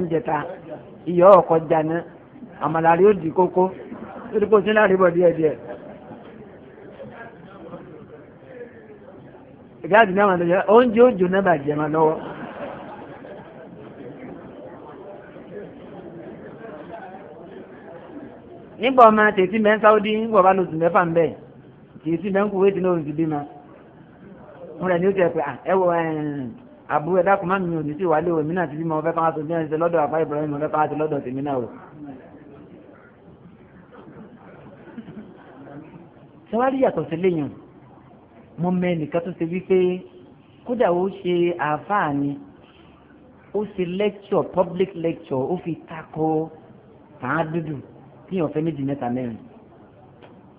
ń jẹta jana àmàlà rí ó di kókó kó e náà máa lọ oúnjẹ oúnjẹ náà bàjẹ́ máa lọ́wọ́. nígbà ọmọ tètè mẹ́ sáúdí nígbà bá lóṣù mẹ́fà ń bẹ̀ tètè mẹ́ ń kú wéètì náà oṣù bímọ. mo rẹ̀ ní ó tẹ̀ pé ẹ wọ àbúrò ẹ̀dá mi ò ní sí na òmí Ibrahim o. mo mẹ́nìkan tó ṣe wípé kódà ó ṣe àáfàá ni ó ṣe lecture public lecture ó fi takò tàn án dúdú tí èèyàn fẹ́ méjì mẹ́ta mẹ́rin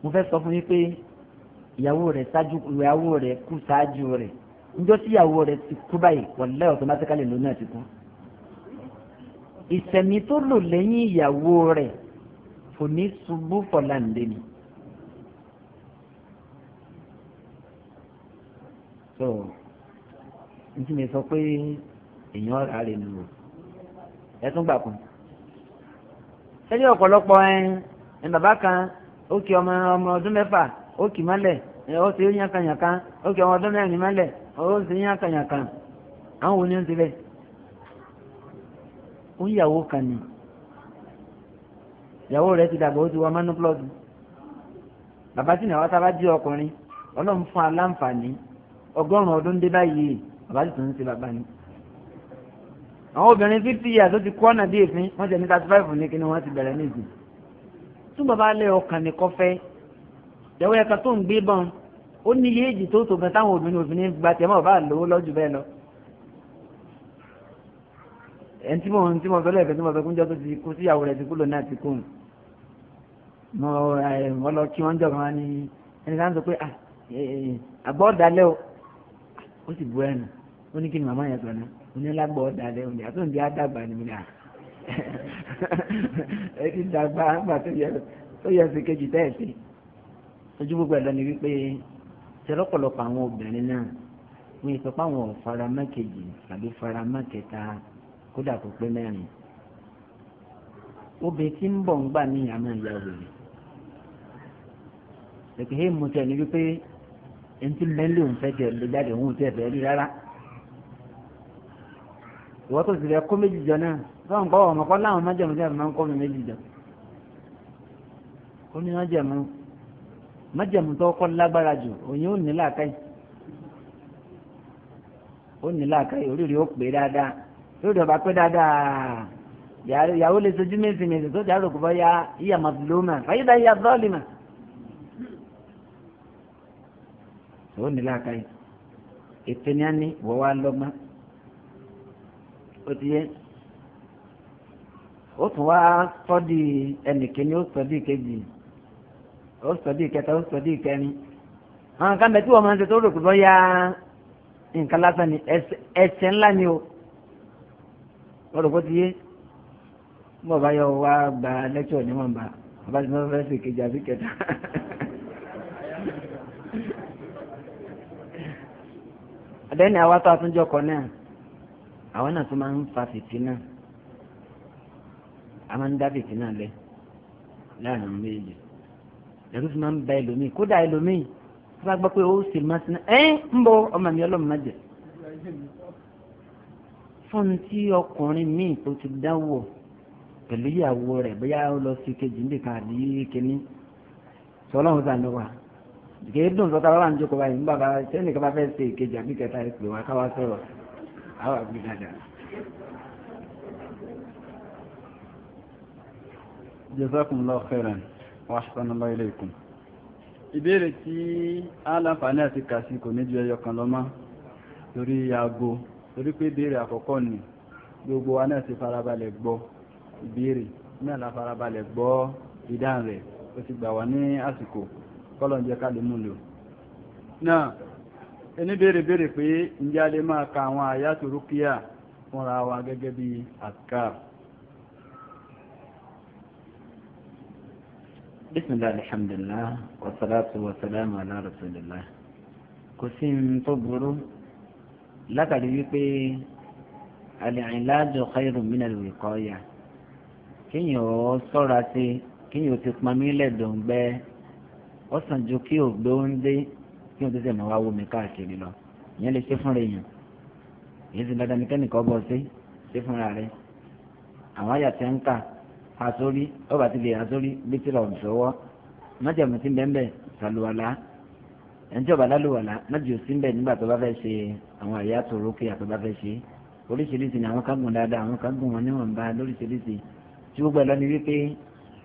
mo fẹ́ sọ fún yín pé ìyàwó rẹ̀ ṣáájú ìyàwó rẹ̀ kú ṣáájú rẹ̀ níjọ́ tí ìyàwó rẹ̀ ti kú báyìí wọ̀lẹ́ automatically lòun náà kú ìsẹ̀mí tó lò lẹ́yìn ìyàwó rẹ̀ kò ní ṣubú fọ̀làǹdé ni so n ti sọ pé èèyàn ọ̀rá rẹ̀ nù o ẹ tún gbà kún. sẹ́yìn ọ̀pọ̀lọpọ̀ ẹ ẹ bàbá kan ó ọmọ ọmọ ọdún mẹ́fà ó kì mọ́lẹ̀ ó ó ọmọ ọdún mẹ́rin mọ́lẹ̀ ó àwọn wo ni ó bẹ́ẹ̀. ó ń yàwó kan ni ìyàwó ti ọgọ́rùn-ún ọdún dé báyìí bàbá sì tún ń ṣe bàbá ni. àwọn obìnrin fifty years ó ti kú ọ̀nà díẹ̀ fín wọ́n ti ní thirty five ní kíni wọ́n ti bẹ̀rẹ̀ níbi. tún bàbá lé ọkàn ní kọfẹ́ ìyàwó ẹ̀ka tó ń gbé bọ́n ó ní iye èjì tó tó gan táwọn obìnrin obìnrin gba tẹ̀ mọ́ bá lówó lọ́jù bẹ́ẹ̀ lọ. ẹ̀ tí mo ń tí mo fẹ́ lẹ́ẹ̀kẹ́ tí mo fẹ́ kúnjọ́ tó ti kú síyàwó rẹ̀ ti kú lónìí àti kóhùn. mo ẹ mo lọ kí wọ́n jọ̀ kan wá ní ẹnì kan sọ pé ah, àgbọ̀ ọ̀dàlẹ́ o ó sì bu ẹnu ó ní kí ni màmá yẹn sọ ni onílágbọ̀ ọ̀dàlẹ̀ òní àti òní àdàgbà ni mo ní à ẹ ti dàgbà àgbà tó yẹ tó yẹ sí kejì tẹ́ ẹ̀ sí ojú gbogbo ẹ̀dọ́ ni wípé ṣẹlọ́pọ̀lọpọ̀ àwọn obìnrin náà wọ́n pé àwọn ọ̀fara mẹ́kejì tàbí fara mẹ́kẹta kódà kó pé mẹ́rin obìnrin tí ń bọ̀ ń gbà ní ẹ̀kẹ́ wípé ntí mẹ́lẹ̀ òun fẹ́ jẹ́ lè jáde òun tẹ́ fẹ́ rí rárá. ìwọ́n tó sì rẹ kó méjì jọ náà fọ́n kọ́ ọmọ kọ́ láwọn májẹ̀mú tí a máa ń kọ́ mi méjì jọ. ó ní májẹ̀mú májẹ̀mú tó kọ́ lágbára jù òun yóò ní làákàyè ó ní làákàyè oríire ó pè dáadáa lórí ọba pé dáadáa yàwó lè sojú mẹ́sìn tó dárò kó yá iyàmọ̀ lómà fàyídà yà bọ́ọ̀lì mà. ó ní láàkáyì ètò ní á ní wọ́n wá lọ́gbọ́n ó ti yẹ ó tún wá sọ́dí ẹnìkíní ó sọ́dí kejì ó sọ́dí kẹta ó sọ́dí kẹrin àwọn kan bẹ tí wọ́n máa ń ṣe tó rò pé bọ́yá nǹkan lásán ni ẹsẹ̀ ńlá ni o wọ́n rò pé ti yé bọ́ọ̀ bá yọ wá gba lẹ́kítọ̀ níwọ̀nba bàbá tí wọ́n fẹ́ ṣe kejì àbí kẹta. <laughs> àdéhùn àwa tó àtúnjọ kọ náà àwọn náà tó máa ń fa fìtínà a máa ń dá fìtínà lẹ láàrin àwọn méjì lẹ́rú fi máa ń ba ẹlòmíì kódà ẹlòmíì tó bá gbọ́ pé ó sì máa sinmi ẹ́ ń bọ ọmọ mi ọlọ́run má jẹ fún tí ọkùnrin míì tó ti dáwọ pẹ̀lú ìyàwó rẹ̀ bóyá ó lọ sí kejì kì í dùn sọ́ta bá wà ń jókòó báyìí nígbà bá sẹ́ni kan bá fẹ́ ṣe ìkejì àbí kẹta ẹ pè wá káwá sọ̀rọ̀ àwọn àgbè dáadáa. jazakumullahu khairan wa ahsanallahu ilaykum ìbéèrè tí aláǹfààní àti kàṣí kò ní ju ẹyọ kan lọ mọ́ torí aago torí pé ìbéèrè àkọ́kọ́ ni gbogbo wa náà ti farabalẹ̀ gbọ́ ìbéèrè náà la farabalẹ̀ gbọ́ ìdáhùn rẹ̀ ó ti gbà wá ní àsìkò kọ́lọ̀n jẹ́ ká lè mú lò náà ẹni béèrè béèrè pé ǹjẹ́ a lè máa ka àwọn àyátò rúkíà fúnra wa gẹ́gẹ́ bí kò sí tó burú látàrí wípé kíyàn ó sọ́ra sí kíyàn ó ti pamílẹ̀ ó sàn ju kí ògbé ó ń dé kí wọ́n tẹ̀sẹ̀ máa wá wọmi káàkiri lọ ìyẹn lè ṣe fúnra èèyàn èyí sì dáadáa ní kẹ́nìkan bọ́ sí ṣe fúnra rẹ̀ àwọn àyà tẹ́ ń kà àsórí ọba ti lè àsórí bí tí lọ́ọ̀ sọ́wọ́ májàmú sí bẹ́ẹ̀ sàlùwàlá ẹnjẹ́ ọba lálùwàlá májò sí bẹ́ẹ̀ nígbà tó bá fẹ́ ṣe àwọn àyà tó rókè àtọ́ bá fẹ́ ṣe oríṣiríṣi ni àwọn kan dáadáa àwọn kan wọn níwọ̀nba lóríṣiríṣi tí gbogbo ẹ̀ lọ́ni wípé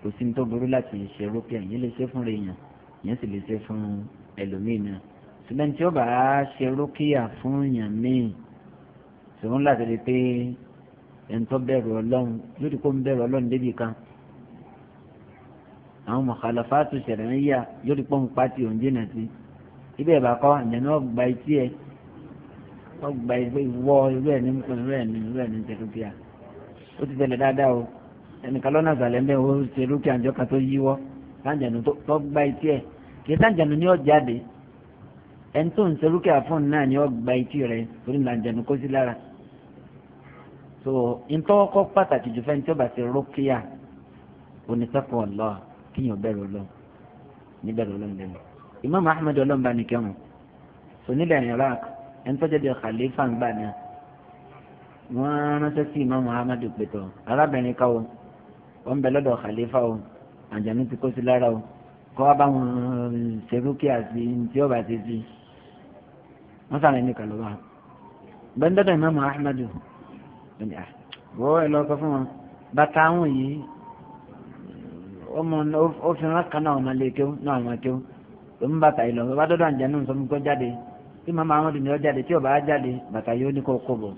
kò sí ní tó burú láti ṣe rókè yìí lè ṣe fúnra èèyàn yẹn sì lè ṣe fún ẹlòmíì náà ṣùgbọ́n tí ó bá ṣe rúkìá fún yàn míì ṣòwò láti rí i pé ẹ̀ńtọ́ bẹ̀rù ọlọ́run lórí kó ń bẹ̀rù ọlọ́run débi kan àwọn mọ̀kàlọ́fàtù ṣẹ̀rẹ̀ẹ́yà lórí pọ́ùn pátì òǹjẹ́nà sí ibẹ̀ bá kọ́ àjẹ́nà ọgbà etí ẹ̀ ọgbà ìgbé ìwọ irú ẹ̀ ní ń pin irú ẹ̀ ní irú ẹ̀ ní ṣerúkìá ó ti tẹ̀lé dáadáa o ẹnìkan lọ́nà àgbàlẹ́ mẹ́ o ṣerúkìá àjọkà tó yíwọ́ sáàjànù tó gba etí ẹ̀ kì í sáàjànù ni ó jáde ẹni tó ń serúkẹ́ àfọ̀n náà ni ó gba etí rẹ̀ torí làǹjànù kó sí lára so ntọ́kọ́ pàtàkì jù fẹ́ni tí ó bá ti rúkìá onísẹ́kọ̀ọ́ lọ kíyàn bẹ̀rù lọ níbẹ̀rù lọ níbẹ̀rù Imam Ahmad ọlọ́mba nìkẹ́hùn so nílẹ̀ Iraq ẹni tó jẹ́ bí khalifa ń gbà náà wọ́n ránṣẹ́ sí Imam Ahmad pẹ̀tọ̀ arábìnrin káwọn wọ́n bẹ lọ́dọ̀ khalifa wọn àjànú ti kó sí lára o kọ́ wá bá wọn eh, ṣe rúkìá sí tí ó bá ti sí wọ́n sàrẹ̀ ní kàlọ́wà gbẹ́ndọ́dọ̀ ìmáàmù ahmadu wọ́n ah, ẹ lọ sọ fún wọn bàtà àwọn yìí ọmọ òfin rákà náà ọmọ ilé kéwù náà ọmọ kéwù ló ń bàtà ìlọ bàbá dọ́dọ̀ àjànú sọ fún kó jáde tí màmá àwọn ọdún yóò jáde tí ò bá jáde bàtà yóò ní kó kó bọ̀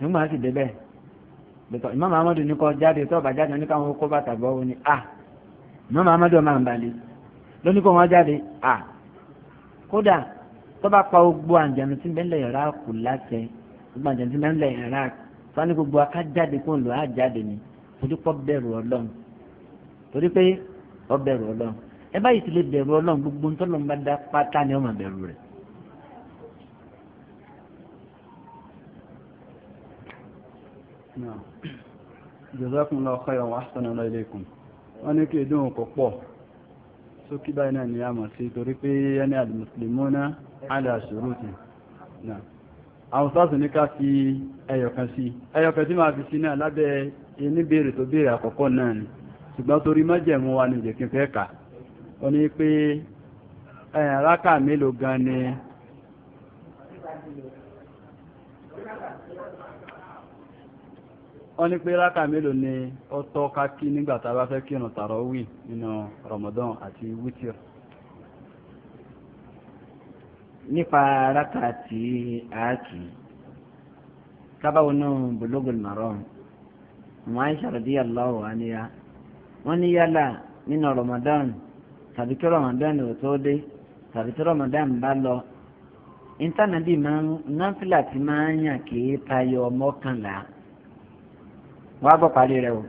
nígbà tí débẹ̀ bẹ̀tọ̀ ìmọ̀ mahamadu ní kọ́ jáde tó ọba jáde oníkà wọn kó bàtà gbọ́ wọn ni a ah, ìmọ̀ mahamadu ọmọ àǹbalẹ̀ lóní kó wọn jáde a ah, kódà tó bá pa gbogbo àǹjẹ̀nu tí bẹ́ẹ̀ yàrá kù láṣẹ gbogbo àǹjẹ̀nu tí bẹ́ẹ̀ yàrá fani gbogbo aká jáde kó lò á jáde ni torí pọ́ bẹ̀rù ọlọ́run torí pé ọ bẹ̀rù ọlọ́run ẹ báyìí ti lè bẹ̀rù ọlọ́run gbogbo ntọ́lọ́run dá pátá ni ọmọ bẹ̀rù rẹ̀ náà jazakumullahu khairan wa ahsana ilaykum wọ́n ní kí ìdún kò pọ̀ sókí báyìí náà ni a mọ̀ sí torí pé yẹn al-muslimuna ala shuruti náà àwọn sáàsì ní ká fi ẹyọ̀kan sí ẹyọ̀kan tí máa fi sí náà lábẹ́ oníbèrè tó béèrè àkọ́kọ́ náà ni ṣùgbọ́n torí májẹ̀mú wa ni ìjẹ̀kín fẹ́ kà ó ní pé ẹ̀yàn rákà mélòó gan ni wọ́n ní pé rákà mélòó ni ó tọ́ ká kí nígbà tá a bá fẹ́ kírun tàràwí nínú Ramadan àti wítìr. nípa rákà tí a kì í kábàáwò náà Bulugul Maram mọ́ Aisha radiyallahu anha wọ́n ní yálà nínú Ramadan tàbí kí Ramadan ò tó dé tàbí tí Ramadan bá lọ intanadi máa ń náfìlà tí máa ń yàn kí tayọ mọ́kànlá wọ́n á gbọ́ parí rẹ̀ o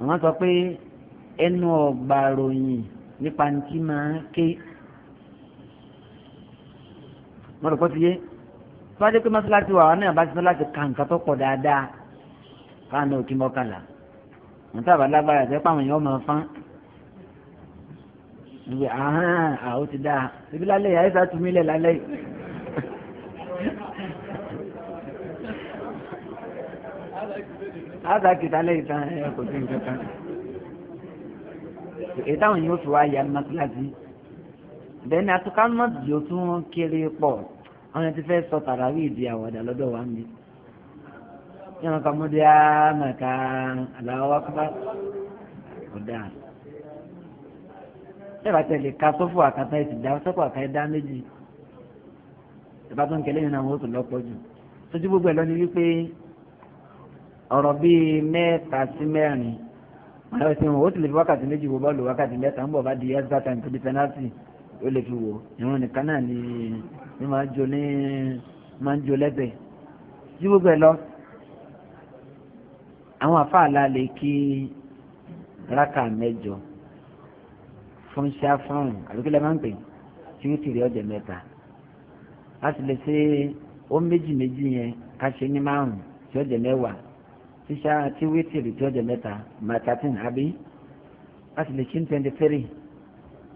àwọn sọ pé ẹnu ọgbà ròyìn nípa ntí máa ń ké wọ́n rò pọ́ ti yé tọ́jú pé mọ́sálásí wa náà bá ti sọ láti ka nǹkan tó pọ̀ dáadáa káàánú òkè mọ́kànlá wọn tábà lágbára ìtẹ́pọ̀ àwọn èèyàn máa fán ìwé àhán àwọn ti dáa ibi lálẹ́ yìí àyíṣà tún mí lẹ̀ lálẹ́ yìí. láti àkìtà lẹ́yìn tán ẹ kò sí nǹkan kan èyí táwọn yóò fi wá ya mọ́tíláṣí bẹ́ẹ̀ ni àtúkà mọ́tì yóò tún kéré pọ̀ àwọn ti fẹ́ sọ tàràwí ìdí àwàdà lọ́dọ̀ wa mi yẹn kan mo di àmàkà aláwọ̀ kọ́bá ọ̀dà ẹ̀ bá tẹ̀lé ka sọ́fù àkàtà ẹ̀ sì dá sọ́fù àkàtà ẹ̀ dá méjì ẹ̀ bá tó ń kẹlẹ́ yẹn náà wọ́n tó lọ́pọ̀ jù sójú gbogbo ẹ̀ lọ́ni wípé ọ̀rọ̀ bíi mẹ́ta sí mẹ́rin àwọn ẹ̀sìn wọn ó sì lè fi wákàtí méjì wo bọ́ọ̀lù wákàtí mẹ́ta ń bọ̀ bá di extra time tó di ó lè fi wò ìrun nìkan náà ni ni máa ń jo ní máa ń jo lẹ́bẹ̀ tí gbogbo ẹ̀ lọ àwọn àfáàlà lè kí rákà mẹ́jọ fún ṣáfún àbíkílẹ̀ máa ń pè tí ó tìrì ọ̀jẹ̀ mẹ́ta láti lè ṣe ó méjì méjì yẹn ká ṣe ní márùn-ún tí ọ̀jẹ̀ mẹ́wàá tíṣà tí wítìrì tí ó jẹ mẹ́ta máa thirteen àbí a sì lè ṣe twenty three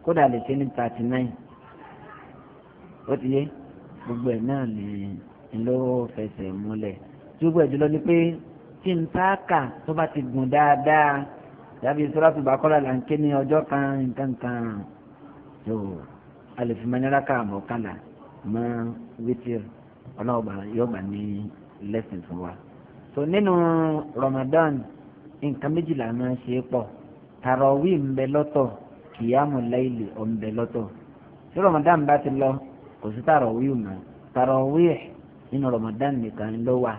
kódà lè ṣe ní thirty nine ó ti yé gbogbo ẹ̀ náà ní ló fẹsẹ̀ múlẹ̀ tí gbogbo ẹ̀ jùlọ ni pé tí n ta kà tó bá ti gùn dáadáa tàbí sọ́dọ̀tù bàkọ́lá là ń ké ní ọjọ́ kan nǹkan kan tó a lè fi mẹ́nira ká àmọ́ kálà mọ́ wítìrì ọlọ́ọ̀bà yóò gbà ní lẹ́sìn fún wa so nínú Ramadan nǹkan méjìlá máa ń ṣe é pọ̀ tàràwí ń bẹ lọ́tọ̀ kìyàmù láìlì ọ̀ ń bẹ lọ́tọ̀ tí Ramadan bá ti lọ kò sí tàràwí mọ́ tàràwí nínú Ramadan nìkan ló wà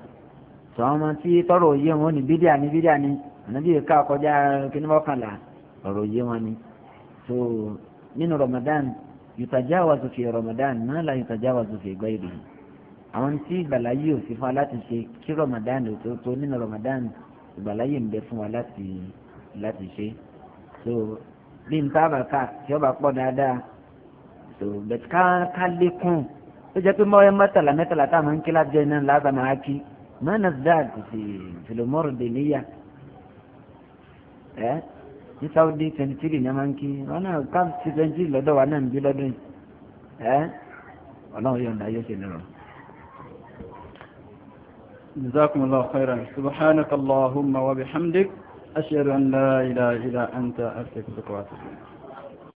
tí wọ́n máa ti tọrọ òye wọn ní bídíà ní bídíà ní ànábì ká kọjá kíní mọ́kànlá ọ̀rọ̀ òye wọn ni so nínú Ramadan yutajawazu fi Ramadan náà la yutajawazu fi gbẹ́yìí àwọn tí ìgbàláyé ò sí fún wa láti ṣe kí Ramadan tó tó nínú Ramadan ìgbàláyé ń bẹ fún wa láti láti ṣe so bí n tábà ká tí ọba pọ̀ dáadáa so bẹ̀ ká ká lékún ó jẹ́ pé mọ́wé mẹ́tàlá mẹ́tàlá tá a máa ń kí lájọ iná lábàá máa kí mọ́nà zdad sí fìlòmọ́rù dèníyà ẹ́ ní Saudi twenty three ní a máa ń kí wọn náà ká twenty lọ́dọ̀ wa náà ń bí lọ́dún ẹ́ ọlọ́run yóò ń da yóò ṣe nírọ̀. جزاكم الله خيرا سبحانك اللهم وبحمدك أشهد أن لا إله إلا أنت أستغفرك وأتوب